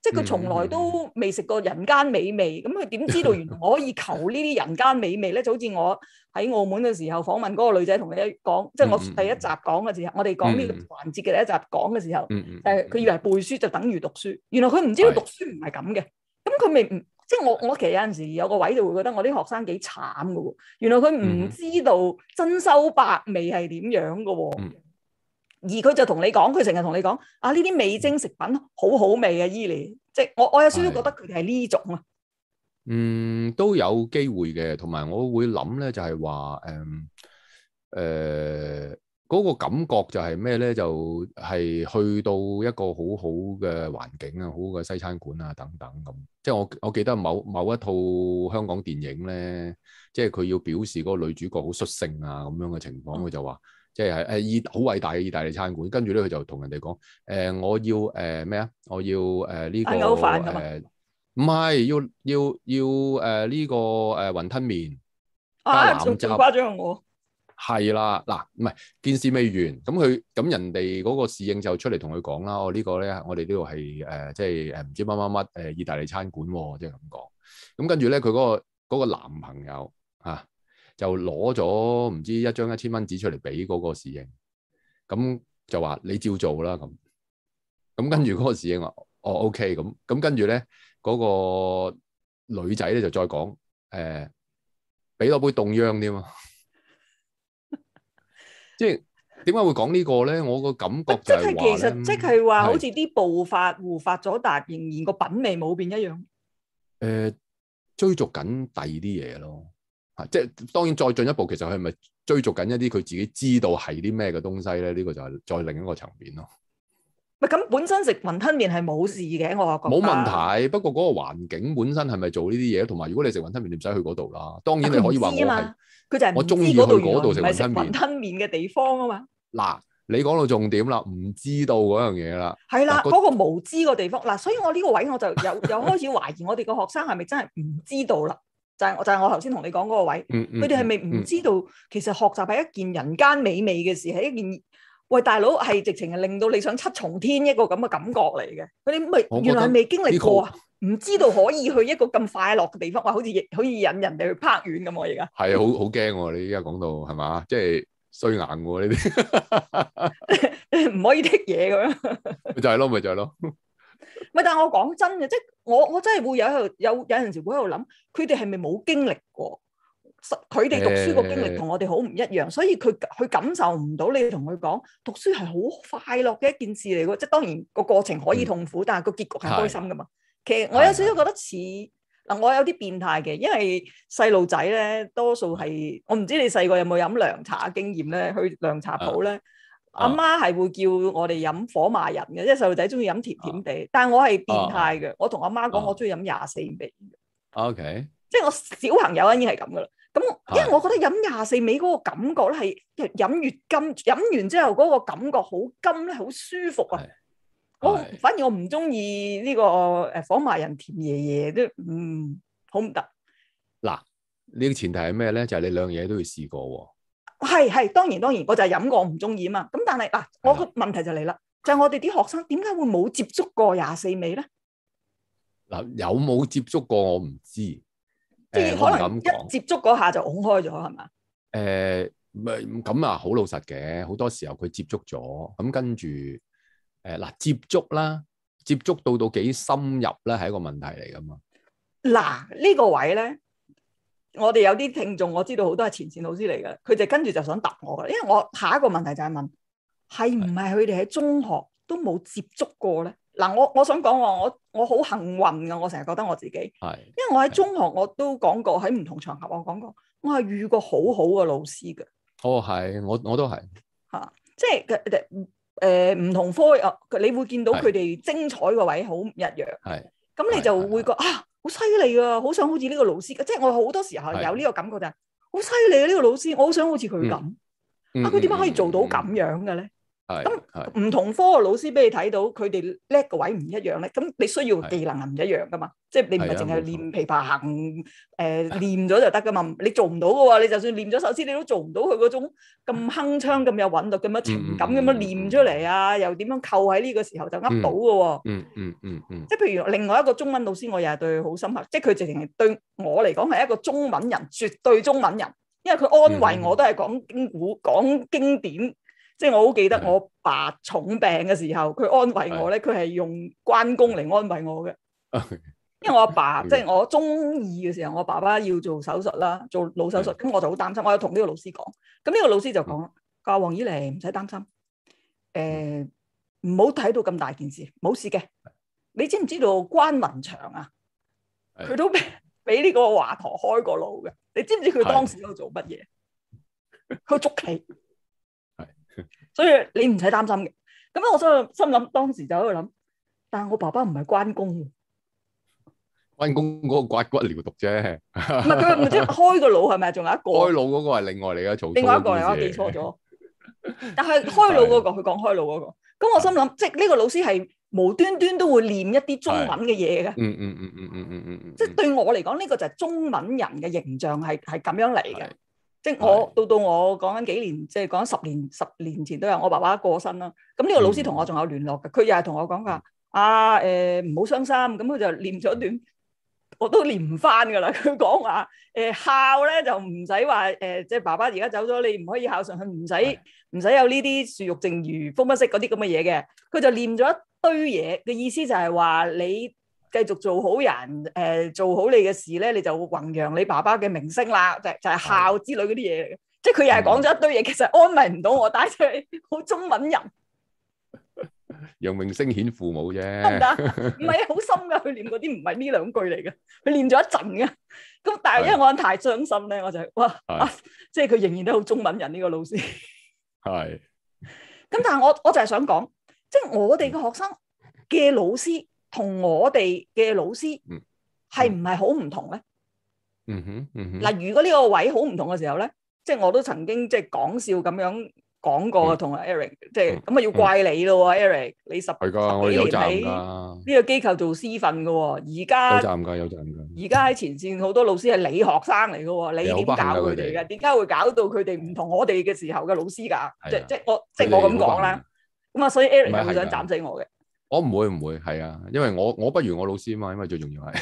即係佢從來都未食過人間美味，咁佢點知道原來可以求呢啲人間美味咧？ 就好似我喺澳門嘅時候訪問嗰個女仔同你講，嗯、即係我第一集講嘅時候，我哋講呢個環節嘅第一集講嘅時候，誒、嗯，佢、呃、以為背書就等於讀書，原來佢唔知道讀書唔係咁嘅，咁佢未唔，即係我我其實有陣時有個位就會覺得我啲學生幾慘㗎喎，原來佢唔知道珍饈百味係點樣㗎喎。嗯而佢就同你講，佢成日同你講，啊呢啲味精食品好好味嘅、啊、伊研，即係我我有少少覺得佢哋係呢種啊。嗯，都有機會嘅，同埋我會諗咧，就係、是、話，誒誒嗰個感覺就係咩咧？就係去到一個好環好嘅環境啊，好嘅西餐館啊等等咁。即係我我記得某某一套香港電影咧，即係佢要表示嗰個女主角好率性啊咁樣嘅情況，佢、嗯、就話，即係誒意好偉大嘅意大利餐館，呢跟住咧佢就同人哋講誒，我要誒咩啊？我要誒呢、呃呢個誒，唔、呃、係、呃、要要要誒呢個誒雲、呃、吞麵加腩汁，誇張喎！係啦，嗱唔係件事未完，咁佢咁人哋嗰個侍應就出嚟同佢講啦，我呢個咧，我哋呢度係誒即係誒唔知乜乜乜誒意大利餐館喎、啊，即係咁講。咁跟住咧，佢嗰、嗰個嗰個嗰個男朋友啊～就攞咗唔知一張一千蚊紙出嚟俾嗰個侍應，咁就話你照做啦咁。咁跟住嗰個侍應話：哦，OK，咁咁跟住咧，嗰、那個女仔咧就再講，誒、呃，俾多杯凍鴦添啊！ 即係點解會講呢個咧？我個感覺即係其實呢即係話，好似啲暴發戶發咗達，但仍然個品味冇變一樣。誒、呃，追逐緊第二啲嘢咯。啊！即係當然，再進一步，其實佢係咪追逐緊一啲佢自己知道係啲咩嘅東西咧？呢、呢個就係再另一個層面咯。係咁，本身食雲吞麵係冇事嘅，我話冇問題。不過嗰個環境本身係咪做呢啲嘢？同埋如果你食雲吞麵，你唔使去嗰度啦。當然你可以話我係，佢就係我中意嗰度，嗰度食雲吞麵嘅地方啊嘛。嗱，你講到重點啦，唔知道嗰樣嘢啦，係啦的，嗰、嗰個、個無知個地方嗱，所以我呢個位我就又又開始懷疑 我哋個學生係咪真係唔知道啦。就係我，就係我頭先同你講嗰個位。佢哋係咪唔知道、嗯、其實學習係一件人間美味嘅事，係一件喂大佬係直情係令到你想七重天一個咁嘅感覺嚟嘅？佢哋咪原來未經歷過啊，唔知道可以去一個咁快樂嘅地方，話好似亦可以引人哋去拍遠咁。我而家係啊，好好驚喎！你依家講到係嘛，即係衰硬喎呢啲，唔 可以剔嘢咁樣。就係咯，咪就係咯。唔係， 但係我講真嘅，即係我我真係會有喺度有有陣時會喺度諗，佢哋係咪冇經歷過？佢哋讀書個經歷同我哋好唔一樣，嘿嘿嘿嘿所以佢佢感受唔到你同佢講讀書係好快樂嘅一件事嚟嘅，即係當然個過程可以痛苦，嗯、但係個結局係開心噶嘛。是其實我有少少覺得似嗱，的我有啲變態嘅，因為細路仔咧，多數係我唔知你細個有冇飲涼茶經驗咧，去涼茶鋪咧。阿媽係會叫我哋飲火麻仁嘅，即係細路仔中意飲甜甜地。啊、但係我係變態嘅，啊、我同阿媽講我中意飲廿四味。O K，啊、即係我小朋友已陣已經係咁噶啦。咁因為我覺得飲廿四味嗰個感覺咧係飲越甘，飲完之後嗰個感覺好甘咧，好舒服啊。我反而我唔中意呢個誒火麻仁甜爺爺都唔好唔得。嗱、嗯，呢、啊這個前提係咩咧？就係、是、你兩樣嘢都要試過、哦。係係，當然當然，我就係飲過，我唔中意啊嘛。咁但係嗱，我個問題就嚟啦，就係我哋啲學生點解會冇接觸過廿四味咧？嗱，有冇接觸過我唔知，即係可能一接觸嗰下就㧬開咗係嘛？誒，咁啊，好老實嘅，好多時候佢接觸咗，咁跟住誒嗱，接觸啦，接觸到到幾深入咧，係一個問題嚟噶嘛。嗱，呢個位咧。我哋有啲聽眾，我知道好多係前線老師嚟㗎，佢就跟住就想答我㗎，因為我下一個問題就係問，係唔係佢哋喺中學都冇接觸過咧？嗱，我我想講喎，我我好幸運㗎，我成日覺得我自己，是因為我喺中學我都講過喺唔是同場合，我講過，我係遇過好好嘅老師嘅。哦，係，我我都係嚇，即係誒唔同科啊，你會見到佢哋精彩個位好唔一樣，係，咁你就會覺啊。好犀利啊！好想好似呢個老師，即係我好多時候有呢個感覺就係好犀利啊！呢個老師，我好想好似佢咁啊！佢點解可以做到咁樣嘅咧？咁唔、嗯、同科嘅老師俾你睇到，佢哋叻嘅位唔一樣咧。咁你需要技能係唔一樣噶嘛？是即係你唔係淨係練琵琶行，誒練咗就得噶嘛？你做唔到嘅喎。你就算練咗首詩，你都做唔到佢嗰種咁鏗鏘、咁有韻律、咁、嗯、樣情感、嗯、咁樣練出嚟啊？又點樣扣喺呢個時候就噏到嘅、啊嗯？嗯嗯嗯嗯。即、嗯、係、嗯、譬如另外一個中文老師，我又係對佢好深刻。即係佢直情係對我嚟講係一個中文人，絕對中文人，因為佢安慰我都係講經古，講經典。即係我好記得，我爸重病嘅時候，佢安慰我咧，佢係用關公嚟安慰我嘅。因為我阿爸 即係我中二嘅時候，我爸爸要做手術啦，做腦手術，咁 我就好擔心。我有同呢個老師講，咁呢個老師就講，教黃、嗯、依玲唔使擔心，誒、呃，唔好睇到咁大件事，冇事嘅。你知唔知道關雲長啊？佢都俾呢個華佗開過腦嘅。你知唔知佢當時喺度做乜嘢？佢、嗯、捉棋。 所以你唔使擔心嘅。咁啊，我心心諗，當時就喺度諗。但係我爸爸唔係關公。關公嗰個刮骨療毒啫。唔係佢唔知開個腦係咪？仲有一個。開腦嗰個係另外嚟嘅，做。另外一個嚟嘅，我記錯咗。但係開腦嗰個，佢講開腦嗰個。咁我心諗，即係呢個老師係無端端都會念一啲中文嘅嘢嘅。嗯嗯嗯嗯嗯嗯嗯嗯。即係對我嚟講，呢個就係中文人嘅形象係係咁樣嚟嘅。即係我到到我講緊幾年，即係講緊十年十年前都有我爸爸過身啦。咁呢個老師同我仲有聯絡嘅，佢又係同我講話啊，誒唔好傷心。咁佢就念咗一段，我都念唔翻㗎啦。佢講話誒，孝咧就唔使話誒，即係爸爸而家走咗，你唔可以孝上去，唔使唔使有呢啲樹欲靜而風不息嗰啲咁嘅嘢嘅。佢就念咗一堆嘢嘅意思就係話你，繼續做好人，誒、呃，做好你嘅事咧，你就弘揚你爸爸嘅名聲啦，就是、就係、是、孝之類嗰啲嘢嚟嘅。的即係佢又係講咗一堆嘢，其實安慰唔到我，但係好中文人。揚名聲顯父母啫，得唔得？唔係好深噶。佢念嗰啲唔係呢兩句嚟嘅，佢念咗一陣嘅。咁但係因為我太傷心咧，的我就哇，的啊、即係佢仍然都好中文人呢、這個老師。係的。咁但係我我就係想講，即、就、係、是、我哋嘅學生嘅老師。同我哋嘅老師係唔係好唔同咧？嗯哼，嗯哼，嗱，如果呢個位好唔同嘅時候咧，即係我都曾經即係講笑咁樣講過，同 Eric 即係咁啊，要怪你咯，Eric，你十係噶，我有賺噶。呢個機構做私訓噶，而家有賺噶，有賺噶。而家喺前線好多老師係你學生嚟噶，你點搞佢哋嘅？點解會搞到佢哋唔同我哋嘅時候嘅老師噶？即即我即我咁講啦。咁啊，所以 Eric 係想斬死我嘅。我唔會唔會係啊，因為我我不如我老師啊嘛，因為最重要係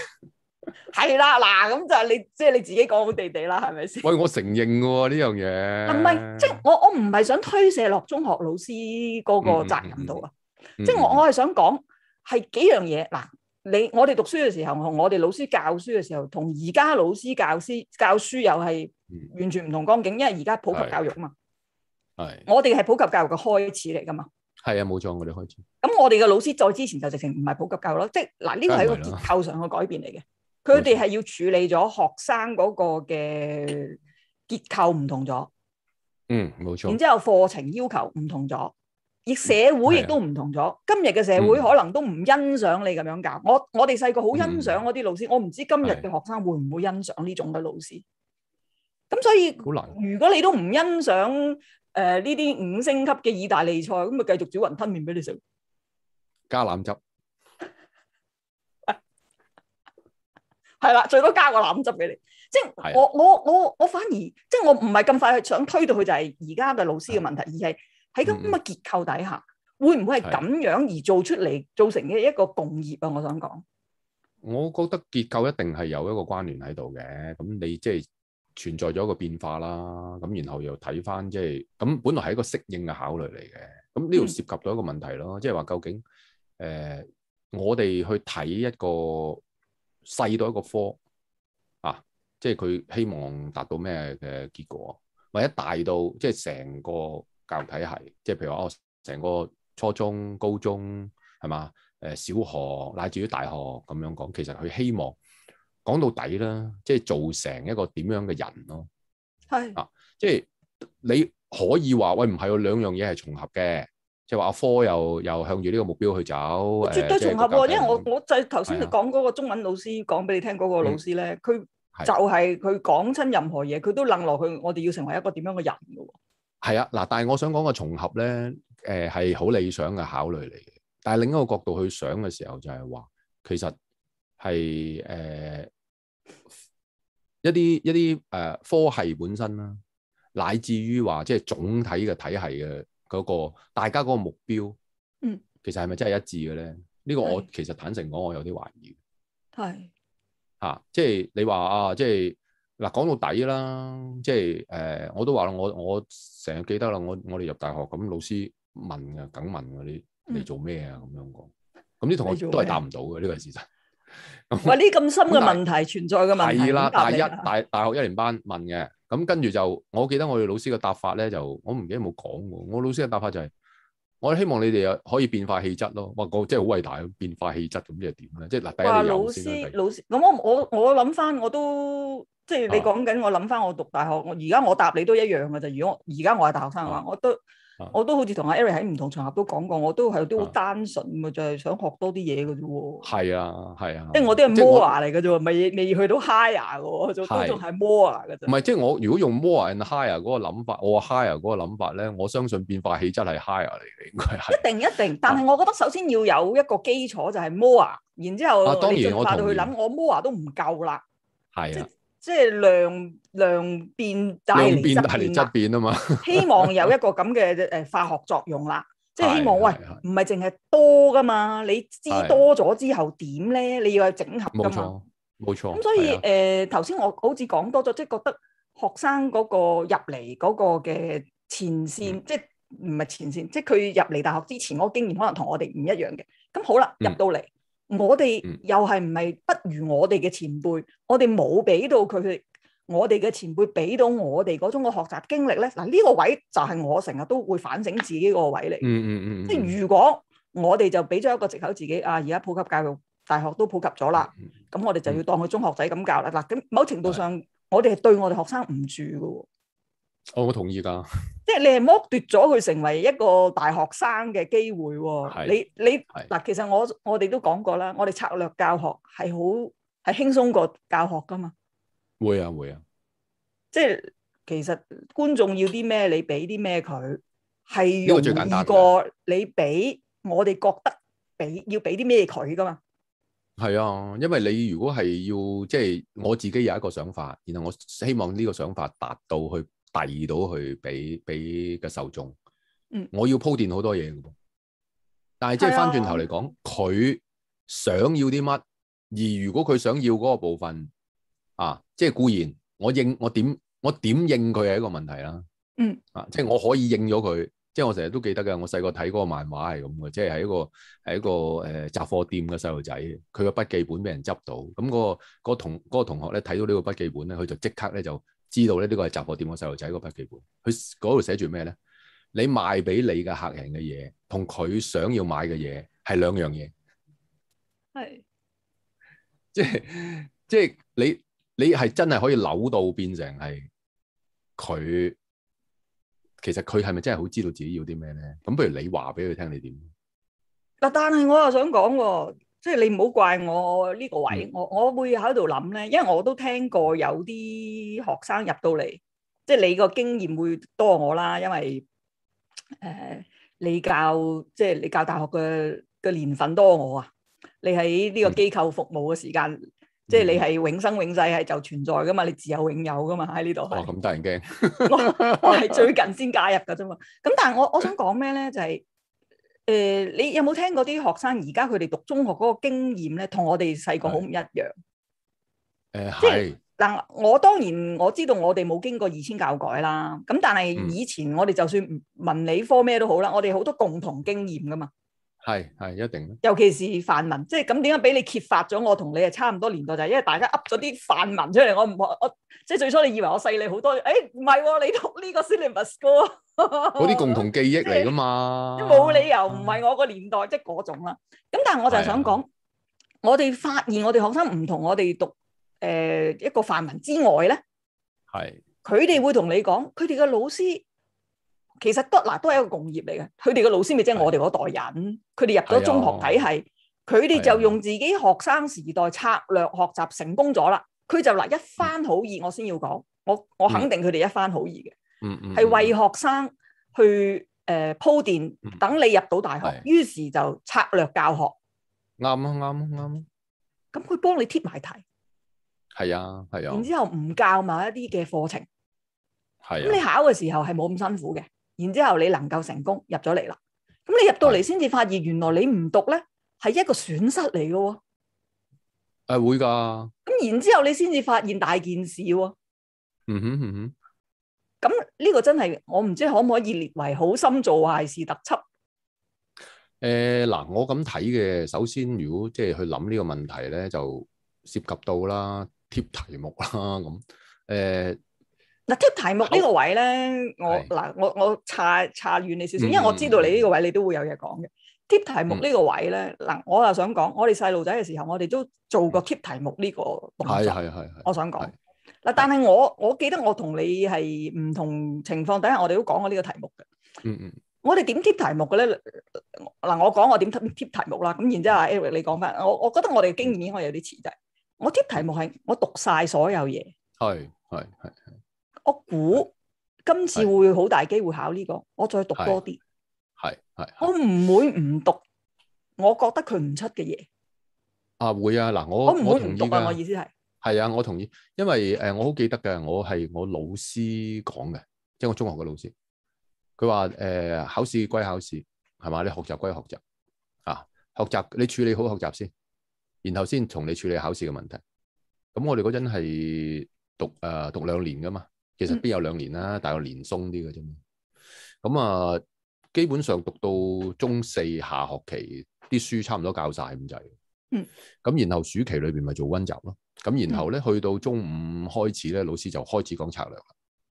係啦嗱，咁、 啊啊、就係你即係、就是、你自己講好地地啦，係咪先？喂，我承認嘅呢樣嘢，唔係即係我我唔係想推卸落中學老師嗰個責任度啊，嗯嗯、即係我我係想講係幾樣嘢嗱、嗯嗯，你我哋讀書嘅時候同我哋老師教書嘅時候，同而家老師教師教書又係完全唔同光景，因為而家普及教育嘛，係是我哋係普及教育嘅開始嚟噶嘛。係啊，冇錯，我哋開始。咁我哋嘅老師再之前就直情唔係普及教育咯，即係嗱，呢個係一個結構上嘅改變嚟嘅。佢哋係要處理咗學生嗰個嘅結構唔同咗。嗯，冇錯。然之後課程要求唔同咗，亦社會亦都唔同咗。嗯，今日嘅社會可能都唔欣賞你咁樣教，嗯、我。我哋細個好欣賞嗰啲老師，嗯、我唔知今日嘅學生會唔會欣賞呢種嘅老師。咁，嗯嗯、所以，好難，如果你都唔欣賞。誒，呢啲五星級嘅意大利菜，咁咪繼續煮雲吞麵俾你食，加腩汁，係啦，最多加個腩汁俾你。即係我我我我反而，即係我唔係咁快去想推到佢就係而家嘅老師嘅問題，而係喺咁嘅結構底下，會唔會係咁樣而做出嚟，造成嘅一個共業啊？我想講，我覺得結構一定係有一個關聯喺度嘅。咁你即係。存在咗一個變化啦，咁然後又睇返即係咁，本來係一個適應嘅考慮嚟嘅。咁呢度涉及到一個問題咯，即係話究竟誒、呃、我哋去睇一個細到一個科啊，即係佢希望達到咩嘅結果，或者大到即係成個教育體系，即係譬如話哦，成個初中、高中係嘛，誒小學乃至於大學咁樣講，其實佢希望。講到底啦，即、就、係、是、做成一個點樣嘅人咯，係的啊，即、就、係、是、你可以話喂唔係喎，兩樣嘢係重合嘅，即係話阿科又又向住呢個目標去走，絕對重合喎，就是、格格格，因為我我就係頭先你講嗰個中文老師講俾的你聽嗰個老師咧，佢、嗯、就係佢講親任何嘢，佢都諗落去我哋要成為一個點樣嘅人噶係啊嗱，但係我想講個重合咧，誒係好理想嘅考慮嚟嘅，但係另一個角度去想嘅時候就係話其實。係誒、呃，一啲一啲誒、呃、科系本身啦，乃至於話即係總體嘅體系嘅嗰、那個大家嗰個目標，嗯，其實係咪真係一致嘅咧？呢、這個我是其實坦誠講，我有啲懷疑。係吓是，即係你話啊，即係嗱、啊啊，講到底啦，即係誒、呃，我都話啦，我我成日記得啦，我我哋入大學咁，老師問啊梗問嘅，你你做咩啊？咁樣講，咁、嗯、啲同學都係答唔到嘅，呢個係事實。話呢咁深嘅問題存在嘅問題，答你啦。大一大大學一年班問嘅，咁跟住就我記得我哋老師嘅答法咧，就我唔記得冇講嘅。我老師嘅答法就係、是，我希望你哋啊可以變化氣質咯。哇，我即係好偉大，變化氣質咁即係點咧？即係嗱，第一你有先啦。老師，一老師，咁我我我諗翻，我都即係你講緊，我諗翻我讀大學，我而家我答你都一樣嘅就如果而家我係大學生嘅話，嗯、我都。我都好似同阿 Eric 喺唔同場合都講過，我都係有啲好單純，咪就係想學多啲嘢嘅啫。係啊，係啊。即係我啲係 more 嚟嘅啫，未未去到 higher 嘅，仲都仲係 more 嘅。唔係，即係我如果用 more and higher 嗰個諗法，我話 higher 嗰個諗法咧，我相信變化氣質係 higher 嚟嘅，應該係。一定一定，但係我覺得首先要有一個基礎就係 more，然之後你進化到去諗，我 more 都唔夠啦。係啊，即係量。量變帶嚟質變啊嘛， 希望有一個咁嘅誒化學作用啦， 即係希望喂唔係淨係多噶嘛， 你知多咗之後點咧？你要去整合噶嘛，冇錯，冇錯。咁所以誒頭先我好似講多咗，即係覺得學生嗰個入嚟嗰個嘅前線，即係唔係前線，即係佢入嚟大學之前嗰個經驗可能同我哋唔一樣嘅。咁好啦，入到嚟，嗯、我哋又係唔係不如我哋嘅前輩，我哋冇俾到佢。我哋嘅前輩俾到我哋嗰種嘅學習經歷咧，嗱、這、呢個位就係我成日都會反省自己個位嚟、嗯。嗯嗯嗯。即係如果我哋就俾咗一個借口自己啊，而家普及教育大學都普及咗啦，咁、嗯、我哋就要當佢中學仔咁教啦。嗱、嗯，咁某程度上的我哋係對我哋學生唔住噶。我好同意噶。即係你係剝奪咗佢成為一個大學生嘅機會。係的。你你嗱，的其實我我哋都講過啦，我哋策略教學係好係輕鬆過教學噶嘛。會啊，會啊，會啊即係其實觀眾要啲咩，你俾啲咩佢係容易個，最簡單過你俾我哋覺得俾要俾啲咩佢噶嘛？係啊，因為你如果係要即係我自己有一個想法，然後我希望呢個想法達到去遞到去俾俾嘅受眾，嗯，我要鋪墊好多嘢噶，但係即係翻轉頭嚟講，佢、啊、想要啲乜？而如果佢想要嗰個部分。啊，即係固然，我認我點，我點認佢係一個問題啦。嗯，啊，即係我可以認咗佢，即係我成日都記得嘅。我細個睇嗰個漫畫係咁嘅，即係係一個係一個誒、呃、雜貨店嘅細路仔，佢個筆記本俾人執到，咁、嗯嗰個、嗰個同嗰、嗰個同學咧睇到呢個筆記本咧，佢就即刻咧就知道咧呢個係雜貨店嘅細路仔個筆記本，佢嗰度寫住咩咧？你賣俾你嘅客人嘅嘢，同佢想要買嘅嘢係兩樣嘢。係是，即係即係你。你係真係可以扭到變成係佢，其實佢係咪真係好知道自己要啲咩咧？咁不如你話俾佢聽你點？嗱，但係我又想講，即係你唔好怪我呢個位，嗯、我我會喺度諗咧，因為我都聽過有啲學生入到嚟，即係你個經驗會多我啦，因為誒你教即係你教大學嘅嘅年份多我啊，你喺呢個機構服務嘅時間。嗯即係你係永生永世係就存在噶嘛，你自有永有噶嘛喺呢度。哇！咁得、哦、人驚。 我係最近先加入噶啫嘛。咁但係我我想講咩咧？就係、是、誒、呃，你有冇聽過啲學生而家佢哋讀中學嗰個經驗咧？同我哋細個好唔一樣。誒、呃，即係嗱，我當然我知道我哋冇經過二千教改啦。咁但係以前我哋就算文理科咩都好啦，我哋好多共同經驗噶嘛。係係一定，尤其是範文，即係咁點解俾你揭發咗？我同你啊差唔多年代，就係因為大家噏咗啲範文出嚟。我唔我即係最初你以為我細你好多，誒唔係，你讀呢個 Cinema School 嗰嗰啲共同記憶嚟噶嘛？冇理由唔係我個年代即係嗰種啦。咁但係我就係想講，啊、我哋發現我哋學生唔同我哋讀誒、呃、一個範文之外咧，係佢哋會同你講，佢哋嘅老師。其實都嗱都係一個共業嚟嘅，佢哋嘅老師咪即係我哋嗰代人，佢哋的入咗中學體系，佢哋的就用自己學生時代策略學習成功咗啦。佢的就嗱一番好意，嗯、我先要講，我我肯定佢哋一番好意嘅，係、嗯嗯、為學生去誒鋪、uh, 墊，等你入到大學，是的於是就策略教學。啱啊！啱啊！啱！咁佢幫你貼埋題，係啊係啊，然之後唔教埋一啲嘅課程，咁你考嘅時候係冇咁辛苦嘅。然之後你能夠成功入咗嚟啦，咁你入到嚟先至發現，原來你唔讀咧係一個損失嚟嘅喎。誒，會噶。咁然之後你先至發現大件事。嗯哼，嗯哼。咁呢個真係我唔知可唔可以列為好心做壞事特輯。誒，嗱，我咁睇嘅，首先如果即係去諗呢個問題咧，就涉及到啦，貼題目啦，咁，誒、呃。嗱，tip 題目呢個位咧，我嗱我我岔岔遠你少少，因為我知道你呢個位你都會有嘢講嘅。tip 題目呢個位咧，嗱我就想講，我哋細路仔嘅時候，我哋都做過 tip 題目呢個動作。係係我想講，嗱，但係我我記得我同你係唔同情況，底下我哋都講過呢個題目嘅。嗯嗯。我哋點 tip 題目嘅咧？嗱，我講我點 tip 題目啦。咁然之後，Eric 你講翻，我我覺得我哋經驗應該有啲遲滯。我 tip 題目係我讀晒所有嘢。係係係我估今次會好大機會考呢個，是我再讀多啲，係係，我唔會唔讀，我覺得佢唔出嘅嘢，啊會啊嗱，我我唔會同意啊，我意思係係啊，我同意，因為誒我好記得嘅，我係我老師講嘅，即係我中學嘅老師，佢話誒考試歸考試，係嘛你學習歸學習，啊學習你處理好學習先，然後先同你處理考試嘅問題，咁我哋嗰陣係讀誒讀兩年噶嘛。嗯、其實必有兩年啦、啊，大約年鬆啲嘅啫。咁、嗯、啊，嗯、基本上讀到中四下學期啲書差唔多教晒咁滯。嗯。咁、嗯嗯嗯、然後暑期裏邊咪做溫習咯。咁然後咧，去到中五開始咧，老師就開始講策略啦。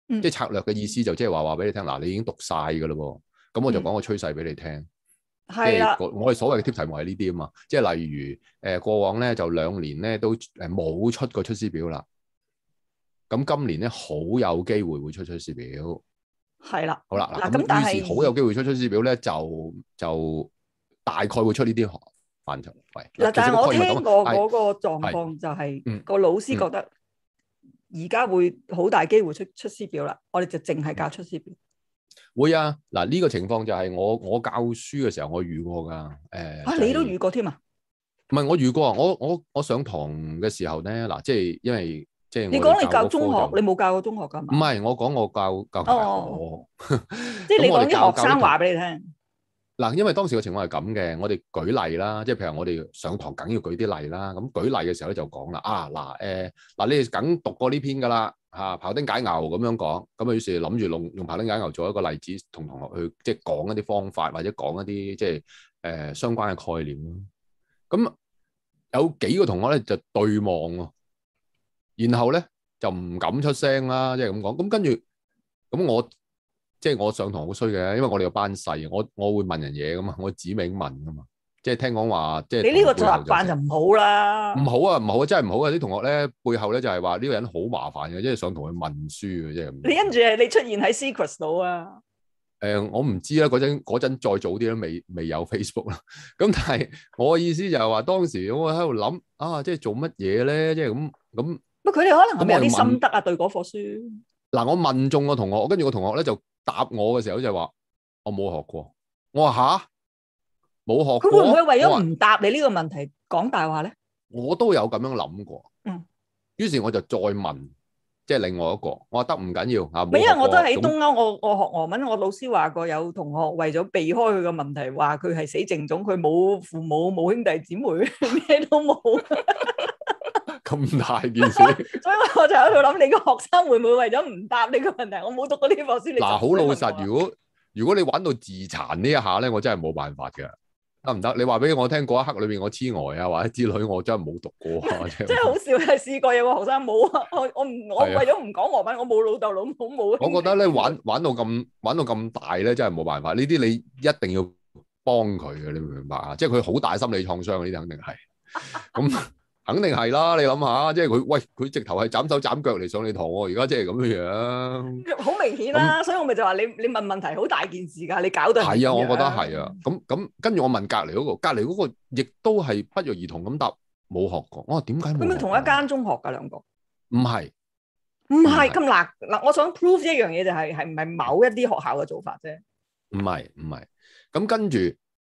嗯。嗯嗯即係策略嘅意思就即係話話俾你聽，嗱、嗯，嗯、你已經讀晒噶啦噃。咁我就講個趨勢俾你聽。係即係我我哋所謂嘅貼題目係呢啲啊嘛。即係例如誒、呃呃、過往咧就兩年咧都誒冇出過出師表啦。咁今年咧好有機會會出出師表，係啦的，好啦了嗱，咁、啊、是但係好有機會出出師表咧，就就大概會出呢啲範疇。喂，嗱，但係我聽過嗰個狀況就係，個老師覺得而家會好大機會出、嗯、出師表啦，我哋就淨係教出師表、嗯嗯。會啊，嗱、這、呢個情況就係我我教書嘅時候我遇過噶，誒、呃，啊、就是、你都遇過添啊？唔係我遇過啊，我我我，我上堂嘅時候咧，嗱即係因為。因為你講你教，教中學，中學你冇教過中學噶？唔係，我講我教教即係你講啲 教學生話俾你聽。嗱，因為當時嘅情況係咁嘅，我哋舉例啦，即係譬如我哋上堂梗要舉啲例啦。咁舉例嘅時候咧就講啦，啊嗱誒嗱你哋梗讀過呢篇噶啦嚇，庖、啊、丁解牛咁樣講，咁啊於是諗住用用庖丁解牛做一個例子，同同學去即係、就是、講一啲方法，或者講一啲即係誒相關嘅概念咯。咁有幾個同學咧就對望然後咧就唔敢出聲啦，即係咁講。咁跟住咁我即係、就是、我上堂好衰嘅，因為我哋個班細，我我會問人嘢噶嘛，我指名問噶嘛，即係聽講話即係、就是。你呢個習慣就唔好啦，唔好啊，唔好啊，真係唔好啊！啲同學咧背後咧就係話呢個人好麻煩嘅，即係上堂去問書嘅，即係、啊。你跟住係你出現喺 Secrets 度啊？誒、嗯，我唔知啦，嗰陣陣再早啲都未未有 Facebook 啦。咁但係我嘅意思就係話，當時我喺度諗啊，即係做乜嘢咧？即係咁咁。唔，佢哋可能係有啲心得啊，對嗰課書。嗱，我問中個同學，我跟住個同學咧就答我嘅時候，好似係話我冇學過。我話吓冇學過。佢會唔會為咗唔答你呢個問題講大話咧？我都有咁樣諗過。嗯。於是我就再問，即係另外一個。我話得唔緊要啊。唔係因為我都喺東歐，我我學俄文，我老師話過有同學為咗避開佢嘅問題，話佢係死淨種，佢冇父母，冇兄弟姊妹，咩都冇。咁 大件事， 所以我就喺度諗，你個學生會唔會為咗唔答你個問題？我冇讀過呢部書。嗱、啊，好老實，如果如果你玩到自殘呢一下咧，我真係冇辦法嘅，得唔得？你話俾我聽，嗰一刻裏邊我癡呆、呃、啊，或者之類，我真係冇讀過。 真係好笑，人試 過嘢、啊，學生冇啊！我我，我為咗唔講我文，我冇老豆老母冇。 我覺得咧，玩玩到咁玩到咁大咧，真係冇辦法。呢啲你一定要幫佢嘅，你明唔明白啊？即係佢好大心理創傷，呢啲肯定係咁。 肯定係啦，你諗下，即係佢喂，佢直頭係斬手斬腳嚟上你堂，而家即係咁嘅樣，好明顯啦。所以我咪就話你你問問題好大件事噶，你搞到係啊，我覺得係啊。咁咁跟住我問隔籬嗰個，隔籬嗰個亦都係不約而同咁答冇學過。我話點解冇？咁同一間中學噶兩個？唔係唔係咁辣嗱，我想 prove 一樣嘢就係係唔係某一啲學校嘅做法啫？唔係唔係，咁跟住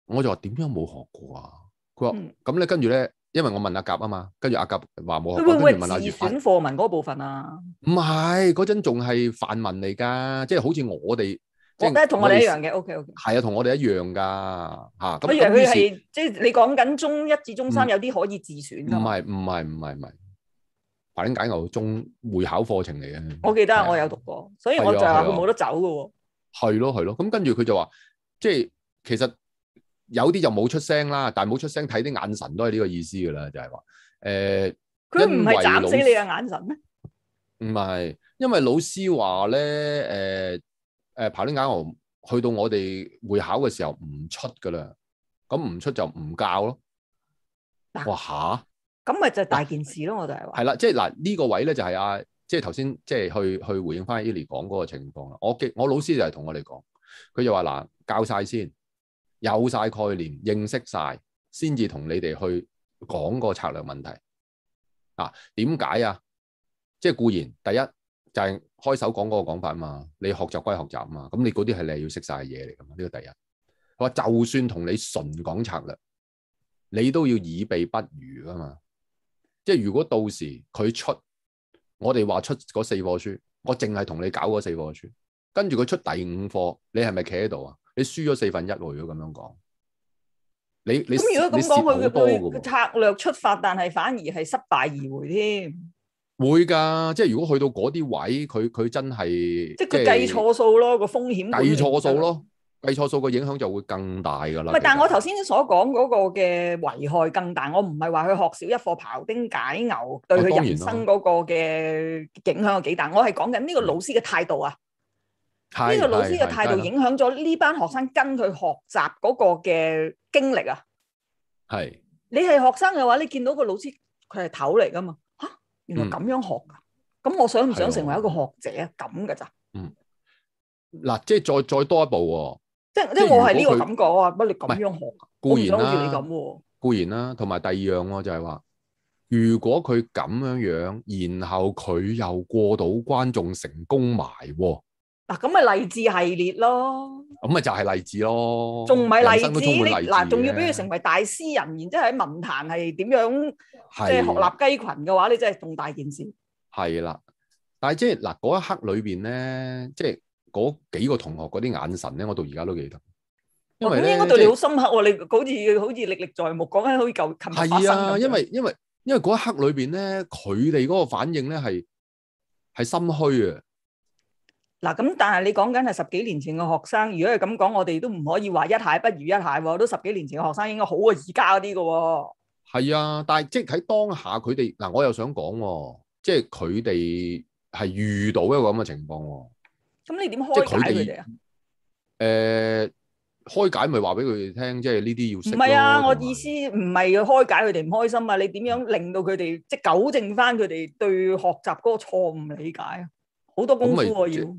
我就話點樣冇學過啊？佢話咁咧，跟住咧。因為我問阿甲啊嘛，跟住阿甲話冇。佢會唔會自選課文嗰部分啊？唔係，嗰陣仲係範文嚟噶，即係好似我哋。我得同我哋一樣嘅，OK OK。係啊，同我哋一樣噶，吓。我以為佢係即係你講緊中一至中三有啲可以自選噶。唔係唔係唔係唔係，庖丁解牛中會考課程嚟嘅。我記得我有讀過，所以我就話佢冇得走噶。係咯係咯，咁跟住佢就話，即係其實。有啲就冇出聲啦，但係冇出聲睇啲眼神都係呢個意思噶啦，就係話，誒，佢唔係斬死你嘅眼神咩？唔係，因為老師話咧，誒，誒，跑啲眼河去到我哋會考嘅時候唔出噶啦，咁唔出就唔教咯。但哇吓！咁咪就大件事咯，啊，我就係話係啦，即係嗱呢個位咧就係啊，即係頭先即係去去回應翻 Eli 講嗰個情況啦。我我老師就係同我哋講，佢就話嗱教晒先。有晒概念、認識晒，先至同你哋去講個策略問題啊？點解啊？即係固然第一就係開手講嗰個講法嘛，你學習歸學習嘛，咁你嗰啲係你係要識晒嘢嚟噶嘛？呢個第一，佢話就算同你純講策略，你都要以備不虞噶嘛。即係如果到時佢出，我哋話出嗰四課書，我淨係同你搞嗰四課書，跟住佢出第五課，你係咪企喺度啊？你輸咗四分一咯，如果咁樣講，你你咁如果咁講，佢嘅對嘅策略出發，但係反而係失敗而回添。會噶，即係如果去到嗰啲位，佢佢真係即係計錯數咯，個風險計錯數咯，計錯數個影響就會更大噶啦。喂，但係我頭先所講嗰個嘅危害更大，我唔係話佢學少一課庖丁解牛，對佢人生嗰個嘅影響有幾大？我係講緊呢個老師嘅態度啊。呢個老師嘅態度影響咗呢班學生跟佢學習嗰個嘅經歷啊。係是你係學生嘅話，你見到個老師佢係頭嚟噶嘛？吓、啊，原來咁樣學噶，咁、嗯、我想唔想成為一個學者啊？咁噶咋？嗯，嗱，即係再再多一步喎、啊。即係即係是 我係呢個感覺啊！乜你咁樣學？固然啦、啊啊啊，固然啦、啊。同埋第二樣、啊、就係、是、話，如果佢咁樣樣，然後佢又過到觀眾成功埋。咁咪勵志系列咯，咁咪就係勵志咯，仲唔係勵志嗱，仲要俾佢成為大詩人，然之後喺文壇係點樣，即係的鶴立雞群嘅話你真係重大件事。係啦，但係即係嗱嗰一刻裏邊咧，即係嗰幾個同學嗰啲眼神咧，我到而家都記得。咁應該對你好深刻喎，是你好似好似歷歷在目，講緊好似舊琴發生。係啊，因為因為因為嗰一刻裏邊咧，佢哋嗰個反應咧係係心虛啊。嗱咁，但係你講緊係十幾年前嘅學生，如果係咁講，我哋都唔可以話一代不如一代喎。都十幾年前嘅學生應該好過而家啲嘅喎。係啊，但係即係喺當下佢哋嗱，我又想講喎，即係佢哋係遇到一個咁嘅情況喎。咁你點開解佢哋啊？誒、呃，開解咪話俾佢哋聽，即係呢啲要識。唔係啊，是我意思唔係要開解佢哋唔開心啊，你點樣令到佢哋即係糾正翻佢哋對學習嗰個錯誤理解啊？好多功夫要、就是。要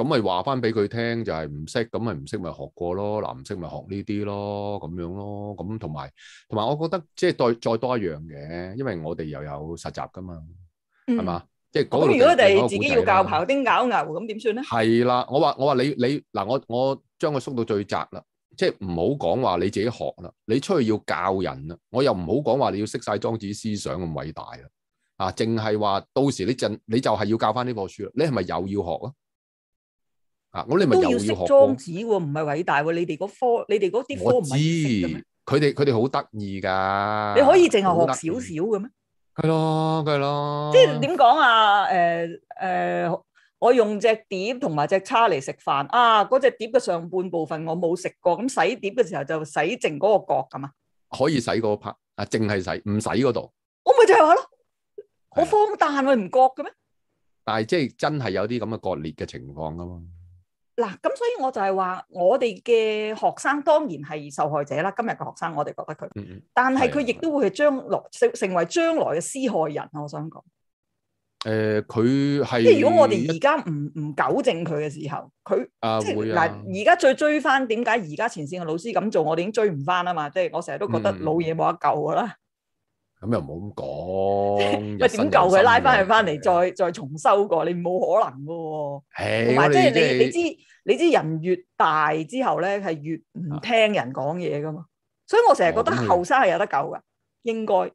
咁咪話翻俾佢聽，就係唔識，咁咪唔識咪學過咯，嗱唔識咪學呢啲咯，咁樣咯，咁同埋同埋，我覺得即係再再多一樣嘅，因為我哋又有實習㗎嘛，係嘛、嗯，即係、嗯、如果我哋自，自己要教庖丁解牛，咁點算咧？係啦，我話我話你你嗱，我我，我將佢縮到最窄啦，即係唔好講話你自己學啦，你出去要教人啦，我又唔好講話你要識晒莊子思想咁偉大啦，啊，淨係話到時你陣你就係要教翻呢本書啦，你係咪又，又要學啊？啊！我你咪都要識莊子喎，唔係偉大喎。你哋嗰科，你哋嗰啲科唔係識嘅咩？佢哋，佢哋好得意噶。你可以淨係學少少嘅咩？係咯，係咯。即係點講啊？誒、呃、誒、呃，我用隻碟同埋隻叉嚟食飯啊！嗰隻碟嘅上半部分我冇食過，咁洗碟嘅時候就洗淨嗰個角咁啊？可以洗嗰 part 啊，淨係洗，唔洗嗰度。我咪就係咯，我荒誕，佢唔覺嘅咩？但係即係真係有啲咁嘅割裂嘅情況啊嘛～嗱，咁所以我就係話，我哋嘅學生當然係受害者啦。今日嘅學生，我哋覺得佢，嗯、但係佢亦都會係將來成的成為將來嘅施害人。我想講，誒、呃，佢係即係如果我哋而家唔唔糾正佢嘅時候，佢啊即是會嗱、啊，而家再追翻點解而家前線嘅老師咁做，我哋已經追唔翻啊嘛。即、就、係、是、我成日都覺得老嘢冇得救噶啦。嗯咁又唔好咁講，喂點救佢？拉翻佢翻嚟，再再重修過，你冇可能嘅喎。同埋，即係你你知，你知人越大之後咧，係越唔聽人講嘢嘅嘛。所以我成日覺得後生係有得救嘅，應該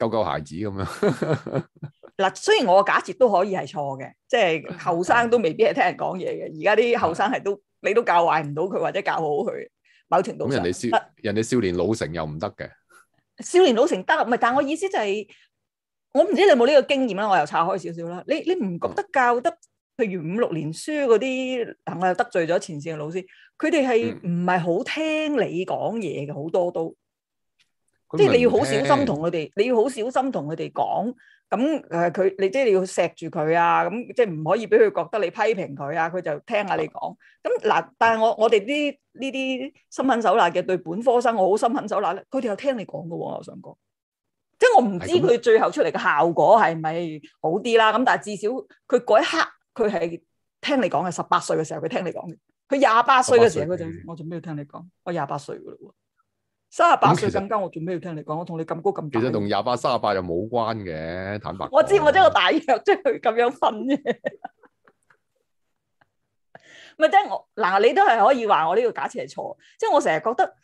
救救孩子咁樣。嗱，雖然我嘅假設都可以係錯嘅，即係後生都未必係聽人講嘢嘅。而家啲後生係都你都教壞唔到佢，或者教好佢某程度上，人哋少，人哋少年老成又唔得嘅。少年老成得，唔係，但我意思就係、是，我唔知你有冇呢個經驗啦。我又岔開少少啦。你你唔覺得教得，譬如五六年書嗰啲，嗱我又得罪咗前線嘅老師，佢哋係唔係好聽你講嘢嘅，好多都，嗯、即係你要好小心同佢哋，你要好小心同佢哋講。咁誒佢，你即係你要錫住佢啊！咁、嗯、即係唔可以俾佢覺得你批評佢啊，佢就聽下你講。咁嗱，但係我我哋啲呢啲心狠手辣嘅對本科生，我好心狠手辣咧，佢哋又聽你講噶喎。我想講，即係我唔知佢最後出嚟嘅效果係咪好啲啦。咁但係至少佢嗰一刻佢係聽你講嘅。十八歲嘅時候佢聽你講嘅，佢廿八歲嘅時候佢我就邊度聽你講？我廿八歲嘅喎。三十八歲更加，實我做咩要聽你講？我同你咁高咁大。其實同廿八、三十八又冇關嘅，坦白我知。我知， 就是、我即係個大約，即係佢咁樣瞓嘅。咪即係我嗱，你都係可以話我呢個假設係錯，即、就、係、是、我成日覺得，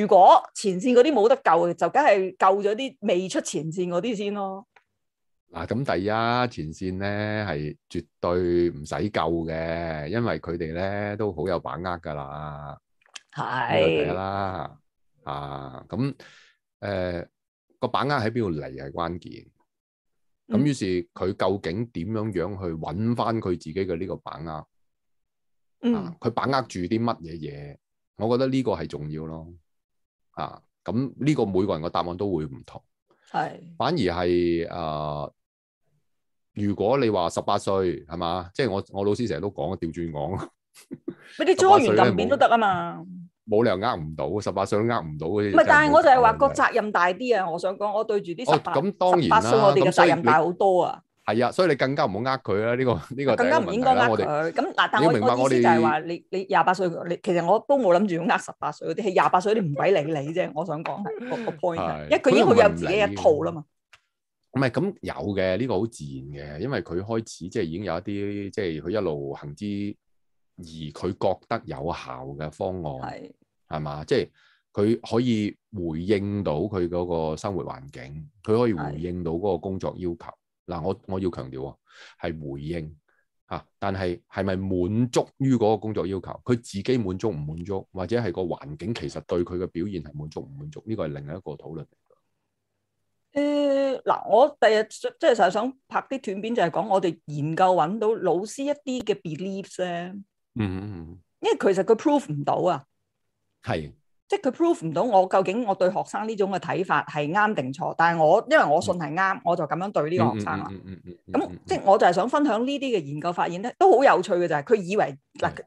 如果前線嗰啲冇得救嘅，就梗係救咗啲未出前線嗰啲先咯。嗱，咁第一前線咧係絕對唔使救嘅，因為佢哋咧都好有把握噶啦，係啦是。啊，咁誒個把握喺邊度嚟，係關鍵，咁、啊、於是佢究竟點樣樣去搵翻佢自己嘅呢個把握？嗯，佢、啊、把握住啲乜嘢嘢？我覺得呢個係重要咯。啊，咁呢個每個人嘅答案都會唔同。係是，反而係誒、呃，如果你話十八歲係嘛，即係我我老師 成日都講啊，調轉講啊，你啲初完咁變都得啊嘛。冇理由呃唔到，十八歲都呃唔到嗰啲。唔係，但係我就係話個責任大啲啊！我想講，我對住啲十八、十八歲，我哋嘅責任大好多啊。係啊，所以你更加唔好呃佢啦。呢個呢個更加唔應該呃佢。咁嗱，但我明白我意思就係話，你你廿八歲，你其實我都冇諗住要呃十八歲嗰啲，係廿八歲嗰啲唔鬼理你啫。我想講個個 point，因為佢已經佢有自己一套啦嘛。唔係咁有嘅，呢個好自然嘅，因為佢開始即係已經有一啲，即係佢一路行之。而佢覺得有效嘅方案，係係嘛？即係佢可以回應到佢嗰個生活環境，佢可以回應到嗰個工作要求。嗱是，我我要強調啊，係回應嚇、啊，但係係咪滿足於嗰個工作要求？佢自己滿足唔滿足，或者係個環境其實對佢嘅表現係滿足唔滿足？呢、呢個係另一個討論嚟。誒嗱，我第日即係成日想拍啲短片，就係講我哋研究揾到老師一啲嘅 beliefs 咧。嗯，因為其實佢 prove 唔到啊，係的，即係佢 prove 唔到我究竟我對學生呢種嘅睇法係啱定錯，但係我因為我信係啱，嗯、我就咁樣對呢個學生啦。咁、嗯嗯嗯嗯嗯、即係我就係想分享呢啲嘅研究發現咧，都好有趣嘅就係、是、佢以為嗱的，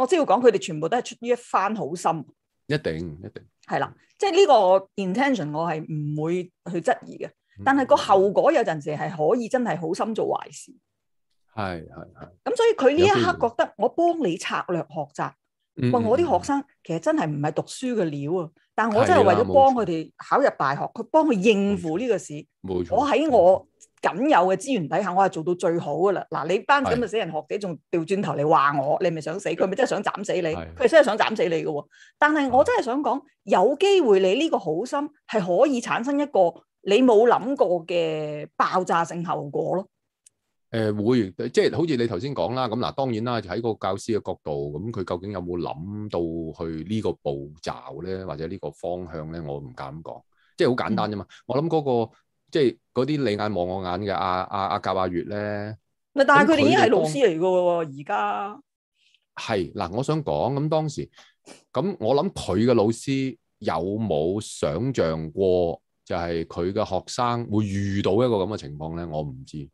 我只要講佢哋全部都係出於一番好心，一定一定係啦，即係呢個 intention 我係唔會去質疑嘅，嗯嗯、但係個後果有陣時係可以真係好心做壞事。係係係，咁、嗯、所以佢呢一刻覺得我幫你策略學習，喂、嗯，我啲學生其實真係唔係讀書嘅料啊，但我真係為咗幫佢哋考入大學，佢幫佢應付呢個事，冇錯錯。我喺我僅有嘅資源底下，我係做到最好噶啦。嗱，你班咁嘅死人學者仲調轉頭嚟話我，你係咪想死？佢咪真係想斬死你，佢錯真係想斬死你嘅。但係我真係想講，有機會你呢個好心係可以產生一個你冇諗過嘅爆炸性後果咯。誒、呃、會，即係好似你頭先講啦。咁嗱，當然啦，就喺個教師嘅角度，咁佢究竟有冇諗到去呢個步驟咧，或者呢個方向咧？我唔敢講，即係好簡單啫嘛。嗯、我諗嗰、嗰個即係嗰啲你眼望我眼嘅阿阿阿甲阿乙咧，咪但係佢哋已經係老師嚟㗎喎，而家係嗱，我想講咁當時咁，我諗佢嘅老師有冇想像過就係佢嘅學生會遇到一個咁嘅情況咧？我唔知。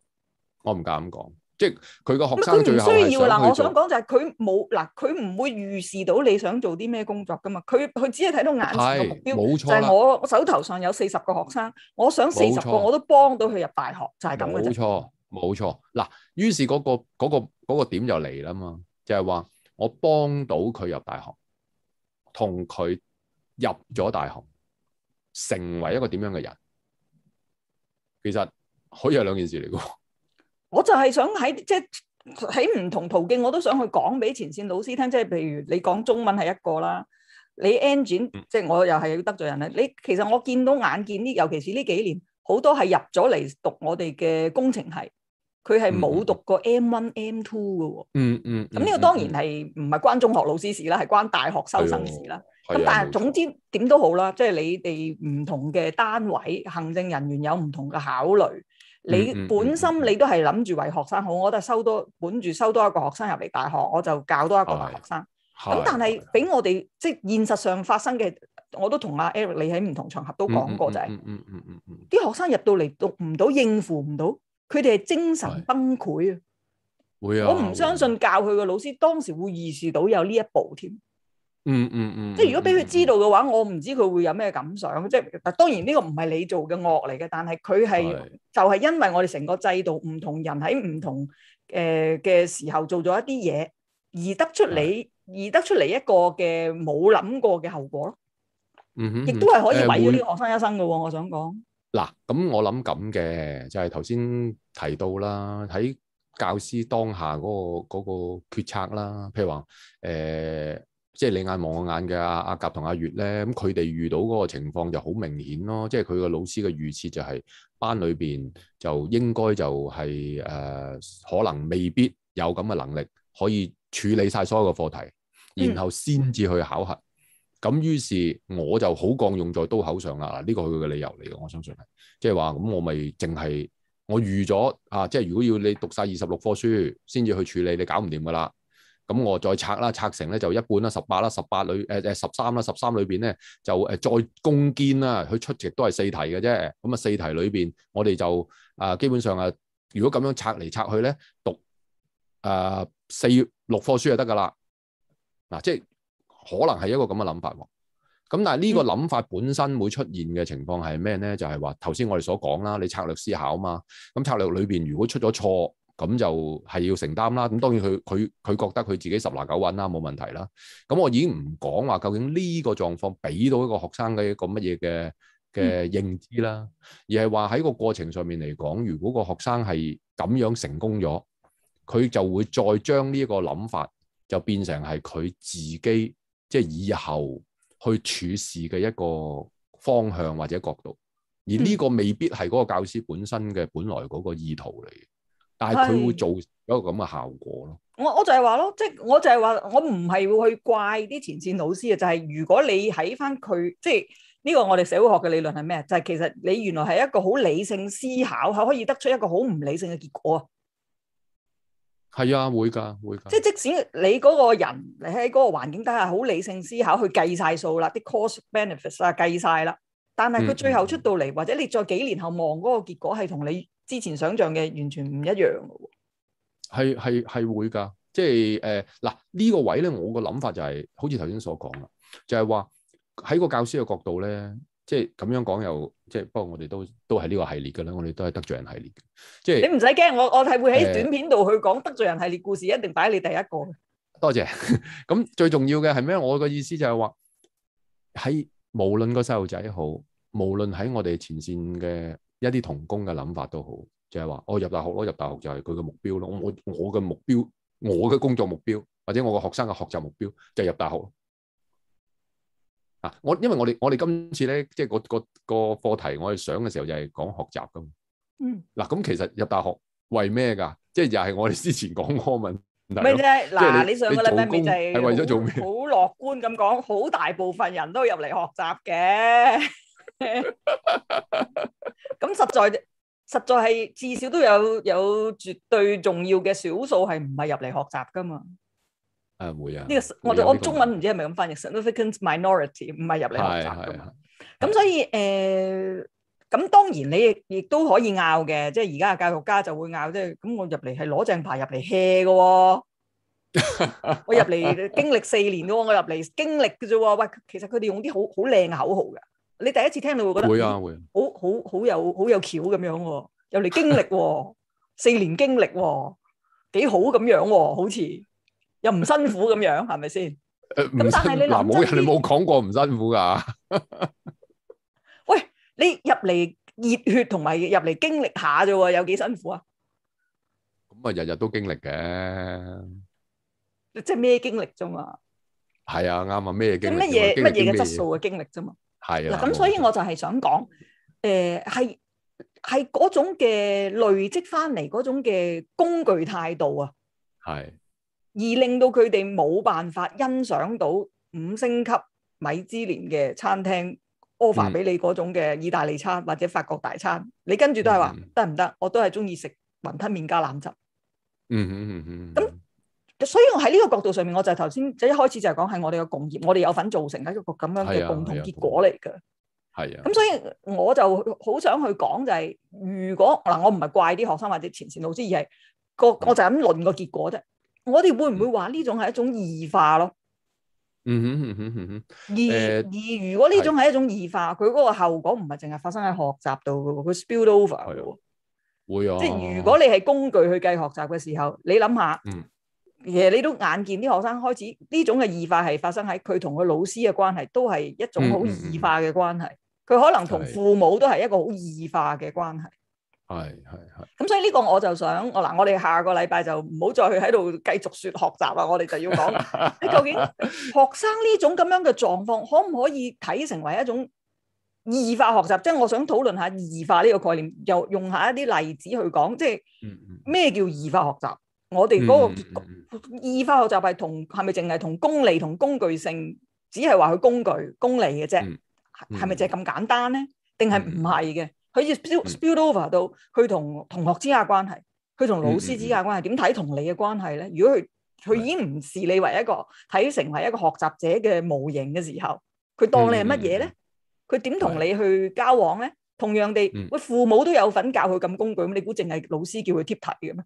我唔敢咁講，即係佢個學生最需要嗱。我想講就係佢冇嗱，佢唔會預視到你想做啲咩工作噶嘛。佢佢只係睇到眼前嘅目標。冇錯。就係我我手頭上有四十個學生，我想四十個我都幫到佢入大學，就係咁嘅。冇錯，冇錯。嗱，於是嗰個嗰個嗰個點就嚟啦嘛，就係話我幫到佢入大學，同佢入咗大學，成為一個點樣嘅人，其實可以係兩件事嚟嘅。我就係想喺即係喺唔同途徑，我都想去講俾前線老師聽，即、就、係、是、譬如你講中文係一個啦，你 engine 即係我又係要得罪人咧。嗯、你其實我見到眼見呢，尤其是呢幾年，好多係入咗嚟讀我哋嘅工程系，佢係冇讀過 M one M two 噶喎。嗯嗯。咁呢個當然係唔係關中學老師事啦，係關大學收生事啦。咁、嗯嗯嗯、但係總之點都好啦，即係、嗯就是、你哋唔同嘅單位行政人員有唔同嘅考慮。你本身你都係諗住為學生好，我都係收多，本住收多一個學生入嚟大學，我就教多一個大學生。咁但係俾我哋即係現實上發生嘅，我都同阿 Eric 你喺唔同場合都講過、就是，就係，啲學生入到嚟讀唔到，應付唔到，佢哋係精神崩潰啊！會啊是！我唔相信教佢嘅老師當時會意識到有呢一步添。嗯嗯嗯，即係如果俾佢知道嘅話，我唔知佢會有咩感想。即係嗱，當然呢個唔係你做嘅惡嚟嘅，但係佢係就係因為我哋成個制度唔同人喺唔同誒嘅時候做咗一啲嘢，而得出嚟而得出嚟一個嘅冇諗過嘅後果咯。嗯哼，亦都係可以毀咗呢個學生一生嘅喎。我想講嗱，咁我諗咁嘅就係頭先提到啦，喺教師當下嗰個嗰個決策啦，譬如話誒。即係你眼望我眼嘅阿、啊、甲同阿、啊、乙咧，咁佢哋遇到嗰個情況就好明顯咯。即係佢個老師嘅預設就係、是、班裏邊就應該就係、是、誒、呃、可能未必有咁嘅能力可以處理晒所有嘅課題，然後先至去考核。咁於、嗯、是我就好鋼用在刀口上啦。嗱，呢個係佢嘅理由嚟嘅，我相信係即係話咁，我咪淨係我預咗啊！即係如果要你讀晒二十六科書先至去處理，你搞唔掂噶啦。咁我再拆啦，拆成咧就一半啦，十八啦，十八裏，誒誒十三啦，十三裏邊咧就誒再攻堅啦，佢出極都係四題嘅啫。咁啊四題裏邊，我哋就啊基本上啊，如果咁樣拆嚟拆去咧，讀啊四六課書就得㗎喇。嗱、啊，即係可能係一個咁嘅諗法喎、啊。咁但係呢個諗法本身會出現嘅情況係咩咧？就係話頭先我哋所講啦，你策略思考啊嘛。咁策略裏邊如果出咗錯。咁就係要承擔啦。咁、嗯、當然佢佢佢覺得佢自己十拿九穩啦，冇問題啦。咁、嗯、我已經唔講話究竟呢個狀況俾到一個學生嘅一個乜嘢嘅嘅認知啦，嗯、而係話喺個過程上面嚟講，如果個學生係咁樣成功咗，佢就會再將呢一個諗法就變成係佢自己即係、即係、以後去處事嘅一個方向或者角度，而呢個未必係嗰個教師本身嘅本來嗰個意圖嚟嘅。但係佢會做一個咁嘅效果咯。我我就係話咯，即係我就係話，我唔係會去怪啲前線老師啊。就係如果你喺翻佢，即係呢個我哋社會學嘅理論係咩？就係其實你原來係一個好理性思考，係可以得出一個好唔理性嘅結果啊。係啊，會噶，會噶。即係即使你嗰個人你喺嗰個環境底下好理性思考，去計晒數啦，啲 cost benefits 啊，計晒啦。但係佢最後出到嚟，或者你再幾年後望嗰個結果，係同你。之前想象嘅完全唔一樣嘅喎，係係係會噶，即係誒嗱呢個位咧，我嘅諗法就係、是、好似頭先所講啦，就係話喺個教師嘅角度咧，即係咁樣講又即係、就是，不過我哋都都係呢個系列嘅啦，我哋都係得罪人系列嘅，即、就、係、是、你唔使驚，我我係會喺短片度去講得罪人系列故事，一定擺喺你第一個。多謝。咁 最重要嘅係咩？我嘅意思就係話喺無論個細路仔好，無論喺我哋前線嘅。一啲童工嘅諗法都好，就係話我入大學咯，入大學就係佢嘅目標咯。我我我嘅目標，我嘅工作目標，或者我個學生嘅學習目標，就係入大學。啊！我因為我哋我哋今次咧，即係個個個課題，我哋上嘅時候就係講學習噶。嗯。嗱，咁其實入大學為咩噶？即係又係我哋之前講 Common。咩啫？嗱，你上個禮拜就係為咗做咩好樂觀咁講，好大部分人都入嚟學習嘅。咁 實在，實在係至少都有有絕對重要嘅少數係唔係入嚟學習噶嘛？誒、啊，會啊！呢、這個，個我我中文唔知係咪咁翻譯，significant minority 唔係入嚟學習噶嘛？咁的所以誒，咁、呃、當然你亦都可以拗嘅，即係而家嘅教育家就會拗，即係咁我入嚟係攞正牌入嚟 hea 噶，我入嚟經歷四年噶，我入嚟經歷嘅啫喎。喂，其實佢哋用啲好好靚嘅口號嘅。你第一次聽你會覺得會啊會好好好有好有橋咁樣喎，入嚟經歷喎，四年經歷喎，幾好咁樣喎，好似又唔辛苦咁樣，係咪先？誒，唔辛苦。冇人你冇講過唔辛苦噶。喂，你入嚟熱血同埋入嚟經歷下啫，有幾辛苦啊？咁啊，日日都經歷嘅。即係咩經歷啫嘛？係啊，啱啊，咩經歷？咩嘢？乜嘢嘅質素嘅經歷啫嘛？係咁、啊、所以我就係想講，誒、呃，係係嗰種嘅累積翻嚟嗰種嘅工具態度啊，係是，而令到佢哋冇辦法欣賞到五星級米芝蓮嘅餐廳 offer 俾你嗰種嘅意大利餐或者法國大餐。嗯、你跟住都係話得唔得？我都係鍾意食雲吞麵加腩汁。嗯嗯嗯嗯，咁。所以我喺呢個角度上面，我就頭先就一開始就係講係我哋嘅共業，我哋有份造成嘅一個咁樣嘅共同結果嚟嘅。係啊，咁所以我就好想去講就係，如果嗱，我唔係怪啲學生或者前線老師，而係個，我就咁論個結果啫。我哋會唔會話呢種係一種異化咯？嗯哼嗯哼哼。而而如果呢種係一種異化，佢嗰個後果唔係淨係發生喺學習度嘅，佢 spill over 係喎。會。即係如果你係工具去計學習嘅時候，你諗下。嗯。其實你都眼見啲學生開始呢種嘅異化係發生喺佢同佢老師嘅關係，都係一種好異化嘅關係。佢、嗯嗯、可能同父母都係一個好異化嘅關係。係係係。咁所以呢個我就想，我嗱，我哋下個禮拜就唔好再去喺度繼續說學習啦，我哋就要講，你 究竟學生呢種咁樣嘅狀況，可唔可以睇成為一種異化學習？即係我想討論下異化呢個概念，又用下一啲例子去講，即係咩叫異化學習？我哋嗰個異化學習係同係咪淨係同功利同工具性？只係話佢工具功利嘅啫，係咪、嗯嗯、就咁簡單咧？定係唔係嘅？佢要 spill over 到佢同同學之間關係，佢同老師之間關係，點睇同你嘅關係咧？如果佢佢已經唔視你為一個睇成為一個學習者嘅模型嘅時候，佢當你係乜嘢咧？佢點同你去交往咧？同樣地，嗯嗯、喂父母都有份教佢咁工具，咁你估淨係老師叫佢貼題嘅咩？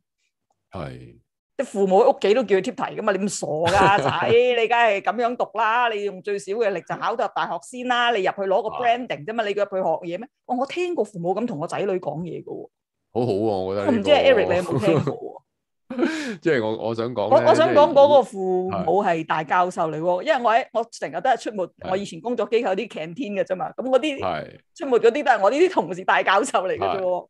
係，啲是父母屋企都叫佢貼題噶嘛？你咁傻噶仔，啊？ 你梗係咁樣讀啦？你用最少嘅力就考到大學先啦？你入去攞個 branding 啫嘛？你叫入去學嘢咩？我我聽過父母咁同個仔女講嘢噶喎，好好啊！我覺得，這個。我唔知係 Eric 你有冇聽過？即係 我我想講，我我想講嗰個父母係大教授嚟，因為我喺我成日都係出沒是我以前工作機構啲 canteen 嘅啫嘛。咁嗰啲出沒嗰啲都係我呢啲同事大教授嚟嘅啫。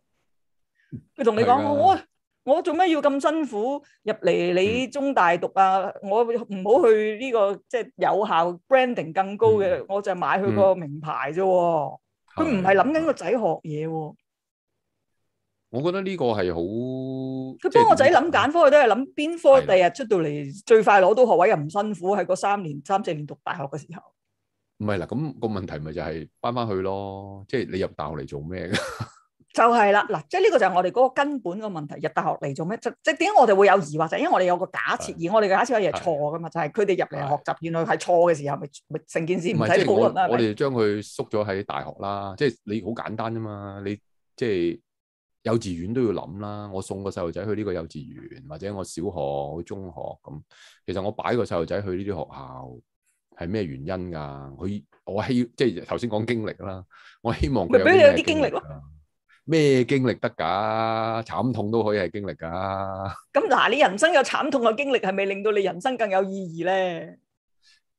佢同是你講我。是我做咩要咁辛苦入嚟？你中大讀啊！嗯、我唔好去呢、呢個即係、就是、有效 branding 更高嘅，嗯、我就買佢個名牌啫、哦。佢唔係諗緊個仔學嘢、哦。我覺得呢個係好。佢幫個仔諗揀科，佢、就是、都係諗邊科第的日出到嚟最快攞到學位又唔辛苦，喺個三年三四年讀大學嘅時候。唔係啦，咁、個問題咪就係翻翻去咯，即、就、係、是、你入大學嚟做咩噶？ 就係啦，嗱，即係呢個就係我哋嗰個根本嘅問題，入大學嚟做咩？即係點解我哋會有疑惑？就係、是、因為我哋有個假設，的而我哋嘅假設有嘢錯噶嘛？的就係佢哋入嚟學習，的原來係錯嘅時候，咪咪成件事唔使即係我吧我哋將佢縮咗喺大學啦，即、就、係、是、你好簡單啫嘛，你即係、就是、幼稚園都要諗啦。我送個細路仔去呢個幼稚園，或者我小學、中學咁，其實我擺個細路仔去呢啲學校係咩原因噶？佢我希即係頭先講經歷啦，我希望俾你有啲經歷咯。咩經歷得噶？慘痛都可以係經歷噶。咁嗱，你人生有慘痛嘅經歷，係咪令到你人生更有意義咧？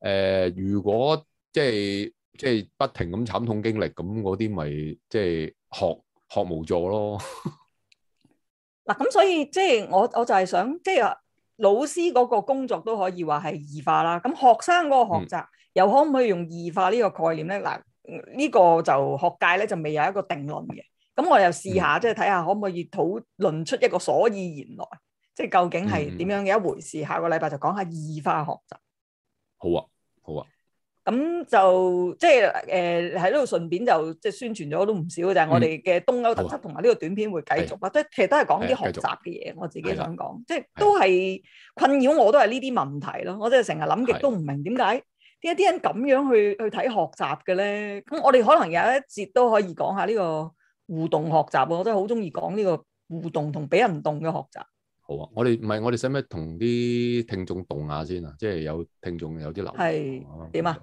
誒、呃，如果即係即係不停咁慘痛經歷，咁嗰啲咪即係學學無助咯。嗱，咁所以即係、就是、我我就係想即係、就是、話老師嗰個工作都可以話係異化啦。咁學生嗰個學習又、嗯、可唔可以用異化呢個概念咧？嗱，呢個就學界咧就未有一個定論嘅。咁我又試下，嗯、即係睇下可唔可以討論出一個所以然來，即係究竟係點樣嘅一回事。嗯、下個禮拜就講下異化學習。好啊，好啊。咁就即係誒喺呢度順便就即係宣傳咗都唔少，嗯、就係我哋嘅東歐特輯同埋呢個短片會繼續啊，即係其實都係講啲學習嘅嘢，啊、我自己想講，即係、啊、都係困擾我都係呢啲問題咯。我真係成日諗極都唔明點解點解啲人咁樣去去睇學習嘅咧。咁我哋可能有一節都可以講下呢、呢個。互動學習，我都係好中意講呢個互動同俾人動嘅學習。好啊，我哋唔係，我哋使唔使同啲聽眾動下先啊？即係有聽眾有啲留言，係點啊？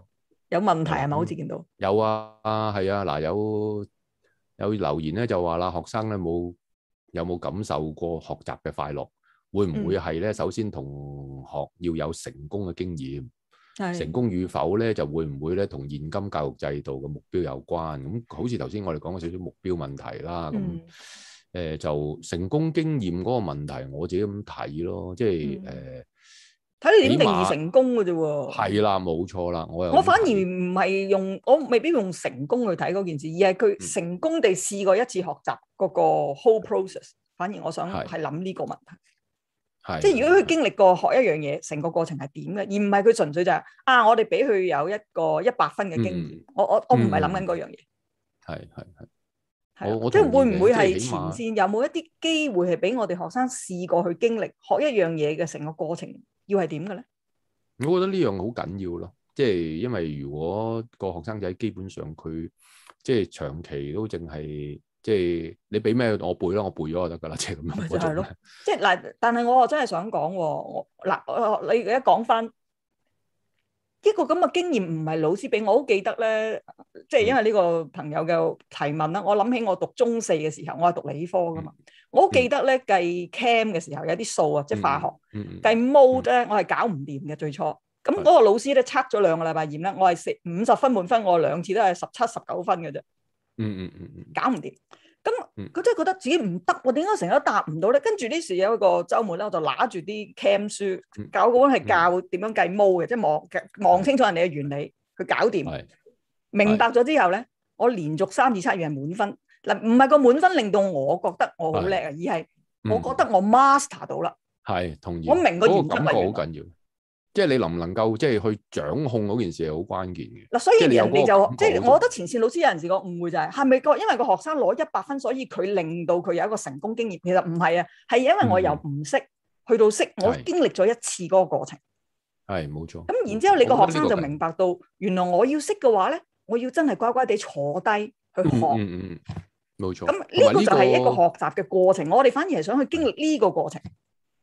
有問題係咪？好似見到有啊，係啊，嗱有有留言咧就話啦，學生咧冇有冇感受過學習嘅快樂？會唔會係咧？嗯，首先同學要有成功嘅經驗。是成功與否咧，就會唔會咧，同現今教育制度嘅目標有關。咁好似頭先我哋講過少少目標問題啦。咁誒、嗯呃，就成功經驗嗰個問題，我自己咁睇咯，即係誒，睇、嗯呃、你點定義成功嘅啫、啊。係啦，冇錯啦，我我反而唔係用，我未必用成功去睇嗰件事，而係佢成功地試過一次學習嗰個 whole process、嗯。反而我想係諗呢個問題。即係如果佢經歷過學一樣嘢，成個過程係點嘅，而唔係佢純粹就係啊，我哋俾佢有一個一百分嘅經驗。我我我唔係諗緊嗰樣嘢。係係係，我我即係會唔會係前線有冇一啲機會係俾我哋學生試過去經歷學一樣嘢嘅成個過程要係點嘅咧？我覺得呢樣好緊要咯，即係因為如果個學生仔基本上佢即係長期都淨係。即係你俾咩我背囉，我背咗就得噶啦，即係咁樣係囉。 即係嗱，但係我我真係想講喎，我嗱，你一講翻一個咁嘅經驗唔係老師俾，我好記得咧。即係因為呢個朋友嘅提問啦，我諗起我讀中四嘅時候，我係讀理科噶嘛，嗯、我好記得咧計 cam 嘅時候有啲數啊，即係化學計 mode 咧，我係搞唔掂嘅最初。咁嗰的個老師咧測咗兩個禮拜驗咧，我係四五十分滿分，我兩次都係十七、十九分嘅啫。嗯嗯嗯嗯，搞唔掂，咁佢真係覺得自己唔得，我點解成日都答唔到咧？跟住呢時有一個周末咧，我就拿住啲 Cam 書，搞嗰本係教點樣計毛嘅，即係望望清楚人哋嘅原理，去搞掂，明白咗之後咧，我連續三次測驗係滿分。嗱，唔係個滿分令到我覺得我好叻啊，而係我覺得我 master 到啦。係，同意。我明個原則係。即係你能唔能夠即係去掌控嗰件事係好關鍵嘅。嗱，所以人哋就感受即係我覺得前線老師有陣時個誤會就係，係咪個因為個學生攞一百分，所以佢令到佢有一個成功經驗？其實唔係啊，係因為我由唔識、嗯、去到識，我經歷咗一次嗰個過程，係冇錯。咁然之後你個學生就明白到，原來我要識嘅話咧，我要真係乖乖地坐低去學，嗯嗯，冇、嗯、錯。咁呢個就係一個學習嘅過、嗯嗯嗯、過程，我哋反而係想去經歷呢個過程。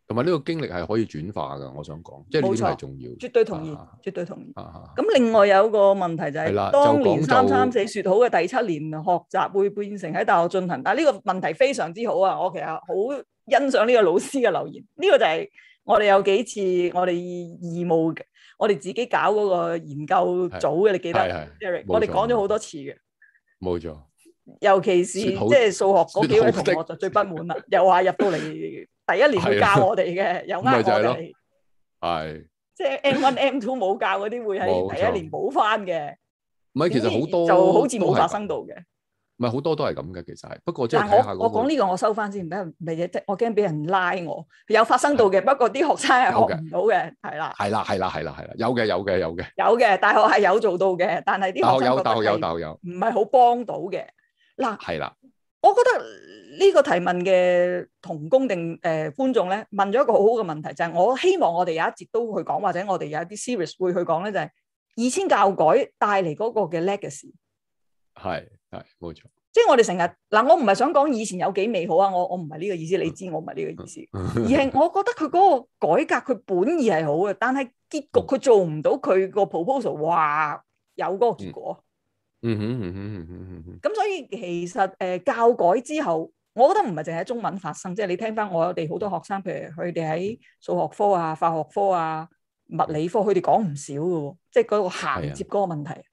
同埋呢個經歷係可以轉化嘅，我想講，即係呢啲係重要。絕對同意，絕對同意。咁另外有個問題就係，當年三三四説好嘅第七年學習會變成喺大學進行，但係呢個問題非常之好啊！我其實好欣賞呢個老師嘅留言。呢個就係我哋有幾次我哋義務嘅，我哋自己搞嗰個研究組嘅，你記得，Derek，我哋講咗好多次嘅。冇錯。尤其是即係數學嗰幾位同學就最不滿啦，又話入到嚟，第一年會教我哋嘅，又啱我哋，係即係 M one、M two 冇教嗰啲會係第一年補翻嘅。唔係，其實好多就好似冇發生到嘅。唔係好多都係咁嘅，其實係。不過即係我我講呢個，我收翻先，唔好唔係嘢，即係我驚俾人拉我。有發生到嘅，不過啲學生係學唔到嘅，係啦。係啦，係啦，係啦，係啦，有嘅，有嘅，有嘅。有嘅大學係有做到嘅，但係啲學生有大學有，大學有，大學有，唔係好幫到嘅。嗱，係啦。我覺得呢個提問嘅同工定誒觀眾咧，問咗一個好好嘅問題，就係、是、我希望我哋有一節都去講，或者我哋有一啲 series 會去講咧，就係二千教改帶嚟嗰個嘅 legacy。係係冇錯。即係我哋成日嗱，我唔係想講以前有幾美好啊，我我唔係呢個意思，你知我唔係呢個意思， 而係我覺得佢嗰個改革佢本意係好嘅，但係結局佢做唔到佢個 proposal，哇，有嗰個結果。嗯嗯哼嗯哼嗯哼嗯，咁所以其實誒、呃、教改之後，我覺得唔係淨係喺中文發生，即、就、係、是、你聽翻我哋好多學生，譬如佢哋喺數學科啊、化學科啊、物理科，佢哋講唔少噶，即係嗰個銜接嗰個問題。啊、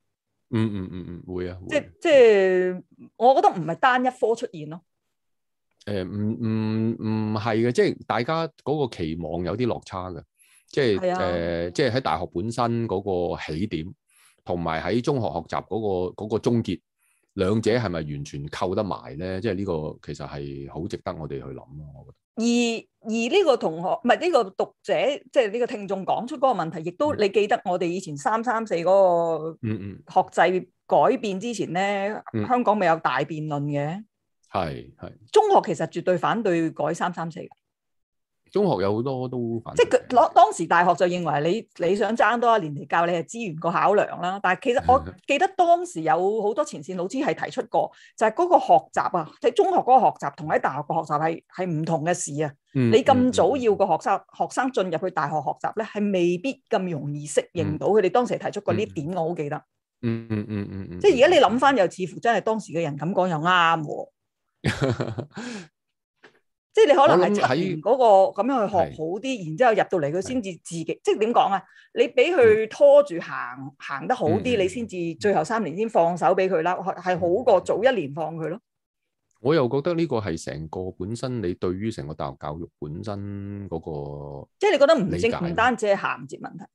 嗯嗯嗯嗯，會啊，即即係我覺得唔係單一科出現咯。誒、呃，唔唔唔係嘅，即係大家嗰個期望有啲落差噶，即係誒、啊呃，即係喺大學本身嗰個起點。同埋喺中學學習嗰個嗰個終結，兩者係咪完全扣得埋咧？即係呢個其實係好值得我哋去諗咯。我覺得而而呢個同學唔係呢個讀者，即係呢個聽眾講出嗰個問題，亦都、嗯、你記得我哋以前三三四嗰個嗯嗯學制改變之前咧，嗯嗯、香港未有大辯論嘅，係係、嗯、中學其實絕對反對改三三四。中學有好多都反，即係攞當時大學就認為你你想爭多一年嚟教，你係資源個考量啦。但係其實我記得當時有好多前線老師係提出過，就係、是、嗰個學習啊，喺中學嗰個學習同喺大學個學習係係唔同嘅事啊。嗯、你咁早要個學生、嗯、學生進入去大學學習咧，係未必咁容易適應到佢哋。、嗯、當時提出過呢點，嗯、我好記得。嗯嗯嗯嗯嗯。即係而家你諗翻又似乎真係當時嘅人咁講又啱喎。即係你可能係前嗰個咁樣去學好啲，然之後入到嚟佢先至自己，即係點講啊？你俾佢拖住行，嗯、行得好啲，嗯、你先至最後三年先放手俾佢啦，係、嗯、好過早一年放佢咯。我又覺得呢個係成個本身你對於成個大學教育本身嗰個，即係你覺得唔止唔單止係銜接問題。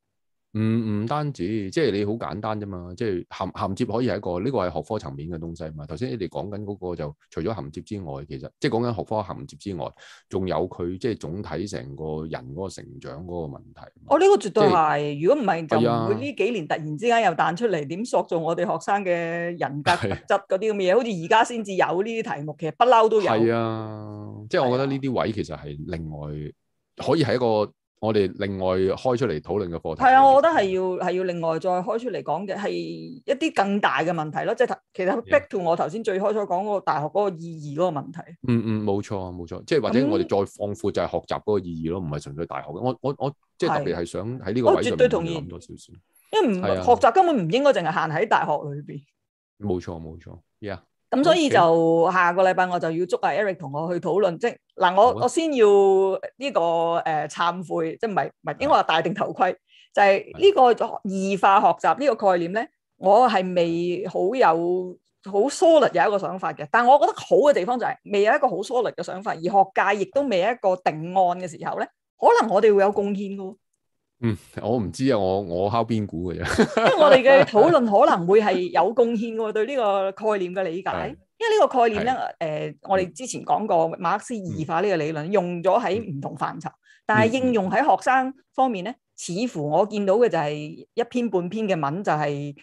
唔唔單止，即係你好簡單啫嘛，即係銜銜接可以係一個，呢、這個係學科層面嘅東西嘛。頭先你哋講緊嗰個就除咗銜接之外，其實即係講緊學科銜接之外，仲有佢即係總體成個人嗰個成長嗰個問題。哦，呢、這個絕對係，係如果唔係就唔會呢幾年突然之間又彈出嚟，點、啊、塑造我哋學生嘅人格特質嗰啲咁嘅嘢？好似而家先至有呢啲題目，其實不嬲都有。係啊，即、就、係、是、我覺得呢啲位其實係另外可以係一個。我哋另外開出嚟討論嘅課題係啊，我覺得係要係要另外再開出嚟講嘅，係一啲更大嘅問題咯。即係其實 back to Yeah. 我頭先最開初講嗰個大學嗰個意義嗰個問題。嗯嗯，冇、嗯、錯冇錯，即係或者那我哋再放寬就係學習嗰個意義咯，唔係純粹大學嘅。我我我即係特別係想喺呢個,、啊、個位上面諗多少少，因為唔係，學習根本唔應該淨係限喺大學裏邊。冇、啊、錯冇錯 y、yeah. 咁所以就 Okay. 下個禮拜我就要捉阿 Eric 同我去討論，即係嗱，我吧我先要呢、這個誒懺、呃、悔，即係唔係唔應該話戴定頭盔，就係、是、呢個異化學習呢個概念咧，我係未好有好 solid 有一個想法嘅。但我覺得好嘅地方就係、是、未有一個好 solid 嘅想法，而學界亦都未有一個定案嘅時候咧，可能我哋會有貢獻嘅喎。嗯，我唔知啊，我我敲邊鼓嘅啫。 因為我哋嘅討論可能會係有貢獻嘅，對呢個概念嘅理解。 因為呢個概念咧，誒、 嗯呃，我哋之前講過馬克思異化呢個理論用咗喺唔同範疇，嗯、但係應用喺學生方面咧，嗯、似乎我見到嘅就係一篇半篇嘅文、就是，就係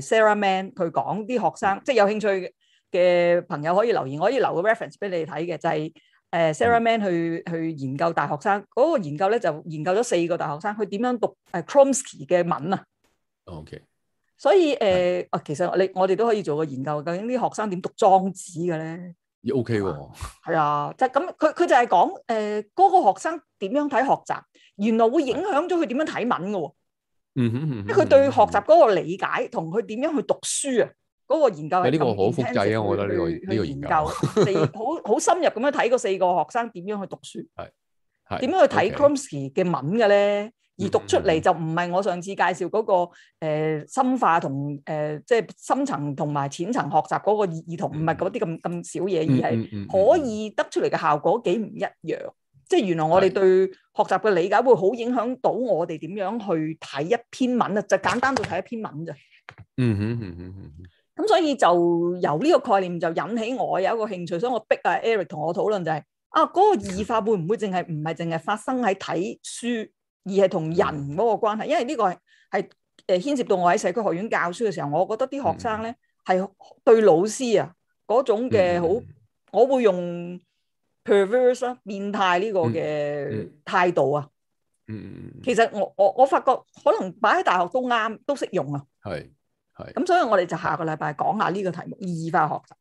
誒 Sarah Mann 佢講啲學生，即係有興趣嘅朋友可以留言，可以留個 reference 俾你哋睇嘅，就係、是。誒、uh, Sarah Mann 去去研究大學生嗰、那個研究咧，就研究咗四個大學生，佢點樣讀誒 Chomsky、uh, 嘅文啊？OK，所以誒啊，uh, 的其實你我哋都可以做個研究，究竟啲學生點讀莊子嘅咧？要 OK 喎的，係啊、uh,，就咁佢佢就係講誒嗰、uh, 個學生點樣睇學習，原來會影響咗佢點樣睇文嘅喎、啊。嗯哼哼，即係佢對學習嗰個理解同佢點樣去讀書啊。個研究係呢個好複雜啊！我覺得呢、這個呢、這個研究，好好 深入咁樣睇嗰四個學生點樣去讀書，係點樣去睇 Kruski 嘅文嘅咧？而讀出嚟就唔係我上次介紹嗰、那個誒、呃、深化同誒、呃、即係深層同埋淺層學習嗰個意義，唔係嗰啲咁咁少嘢，而係 可以得出嚟嘅效果幾唔一樣。 即係原來我哋對學習嘅理解會好影響到我哋點樣去睇一篇文啊！ 就簡單到睇一篇文咋？嗯哼嗯哼嗯咁所以就由呢個概念就引起我有一個興趣，所以我逼阿、啊、Eric 同我討論就係、是，啊嗰、那個異化會唔會淨係唔係淨係發生喺睇書，而係同人嗰個關係？因為呢個係係誒牽涉到我喺社區學院教書嘅時候，我覺得啲學生咧係、嗯、對老師啊嗰種嘅好，嗯、我會用 perverse 啊變態呢個嘅態度啊。嗯。嗯嗯，其實我我我發覺可能擺喺大學都啱，都識用啊。係。係咁，是所以我哋就下個禮拜講下呢個題目，二化學習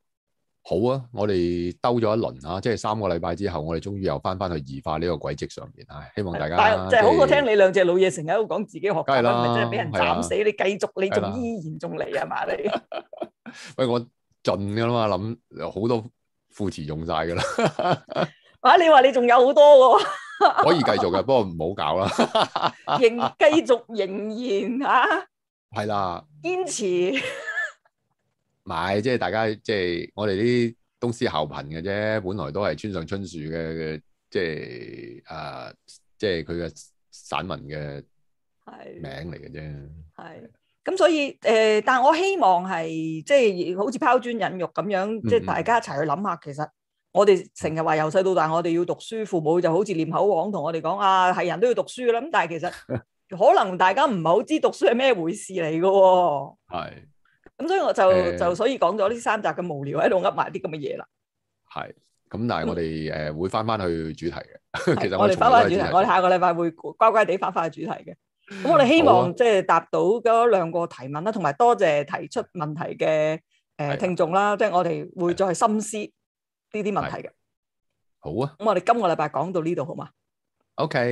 好啊！我哋兜咗一輪啊，即係三個禮拜之後，我哋終於又翻翻去二化呢個軌跡上邊啊！希望大家但就係好好聽你兩隻老嘢成日喺度講自己學緊，咪真係俾人斬死！啊、你繼續，你仲依然仲嚟啊，啊你 嘛？ 啊你喂我盡噶啦嘛，諗好多副詞用晒噶啦，啊你話你仲有好多個，可以繼續嘅，不過唔好搞啦， 仍繼續仍然啊！係啦，堅堅持。唔 係，即、就、係、是、大家，即、就、係、是、我哋啲東施效顰嘅啫。本來都係村上春樹嘅嘅，即、就、係、是、啊，即係佢嘅散文嘅係名嚟嘅啫。係。咁所以誒、呃，但我希望係即係好似拋磚引玉咁樣，即係、嗯嗯、大家一齊去諗下。其實我哋成日話由細到大，我哋要讀書，父母就好似念口簧同我哋講啊，係人都要讀書啦。咁但係其實。 可能大家唔係好知讀書係咩回事嚟嘅喎，係咁所以我就就所以講咗呢三集咁無聊喺度噏埋啲咁嘅嘢啦。係咁，但係我哋誒會返返去主題嘅。其實我哋返返主題，我哋下個禮拜會乖乖地返返去主題嘅。咁我哋希望即係答到嗰兩個提問啦，同埋多謝提出問題嘅誒聽眾啦，即係我哋會再深思呢啲問題嘅。好啊，咁我哋今個禮拜講到呢度好嘛？OK。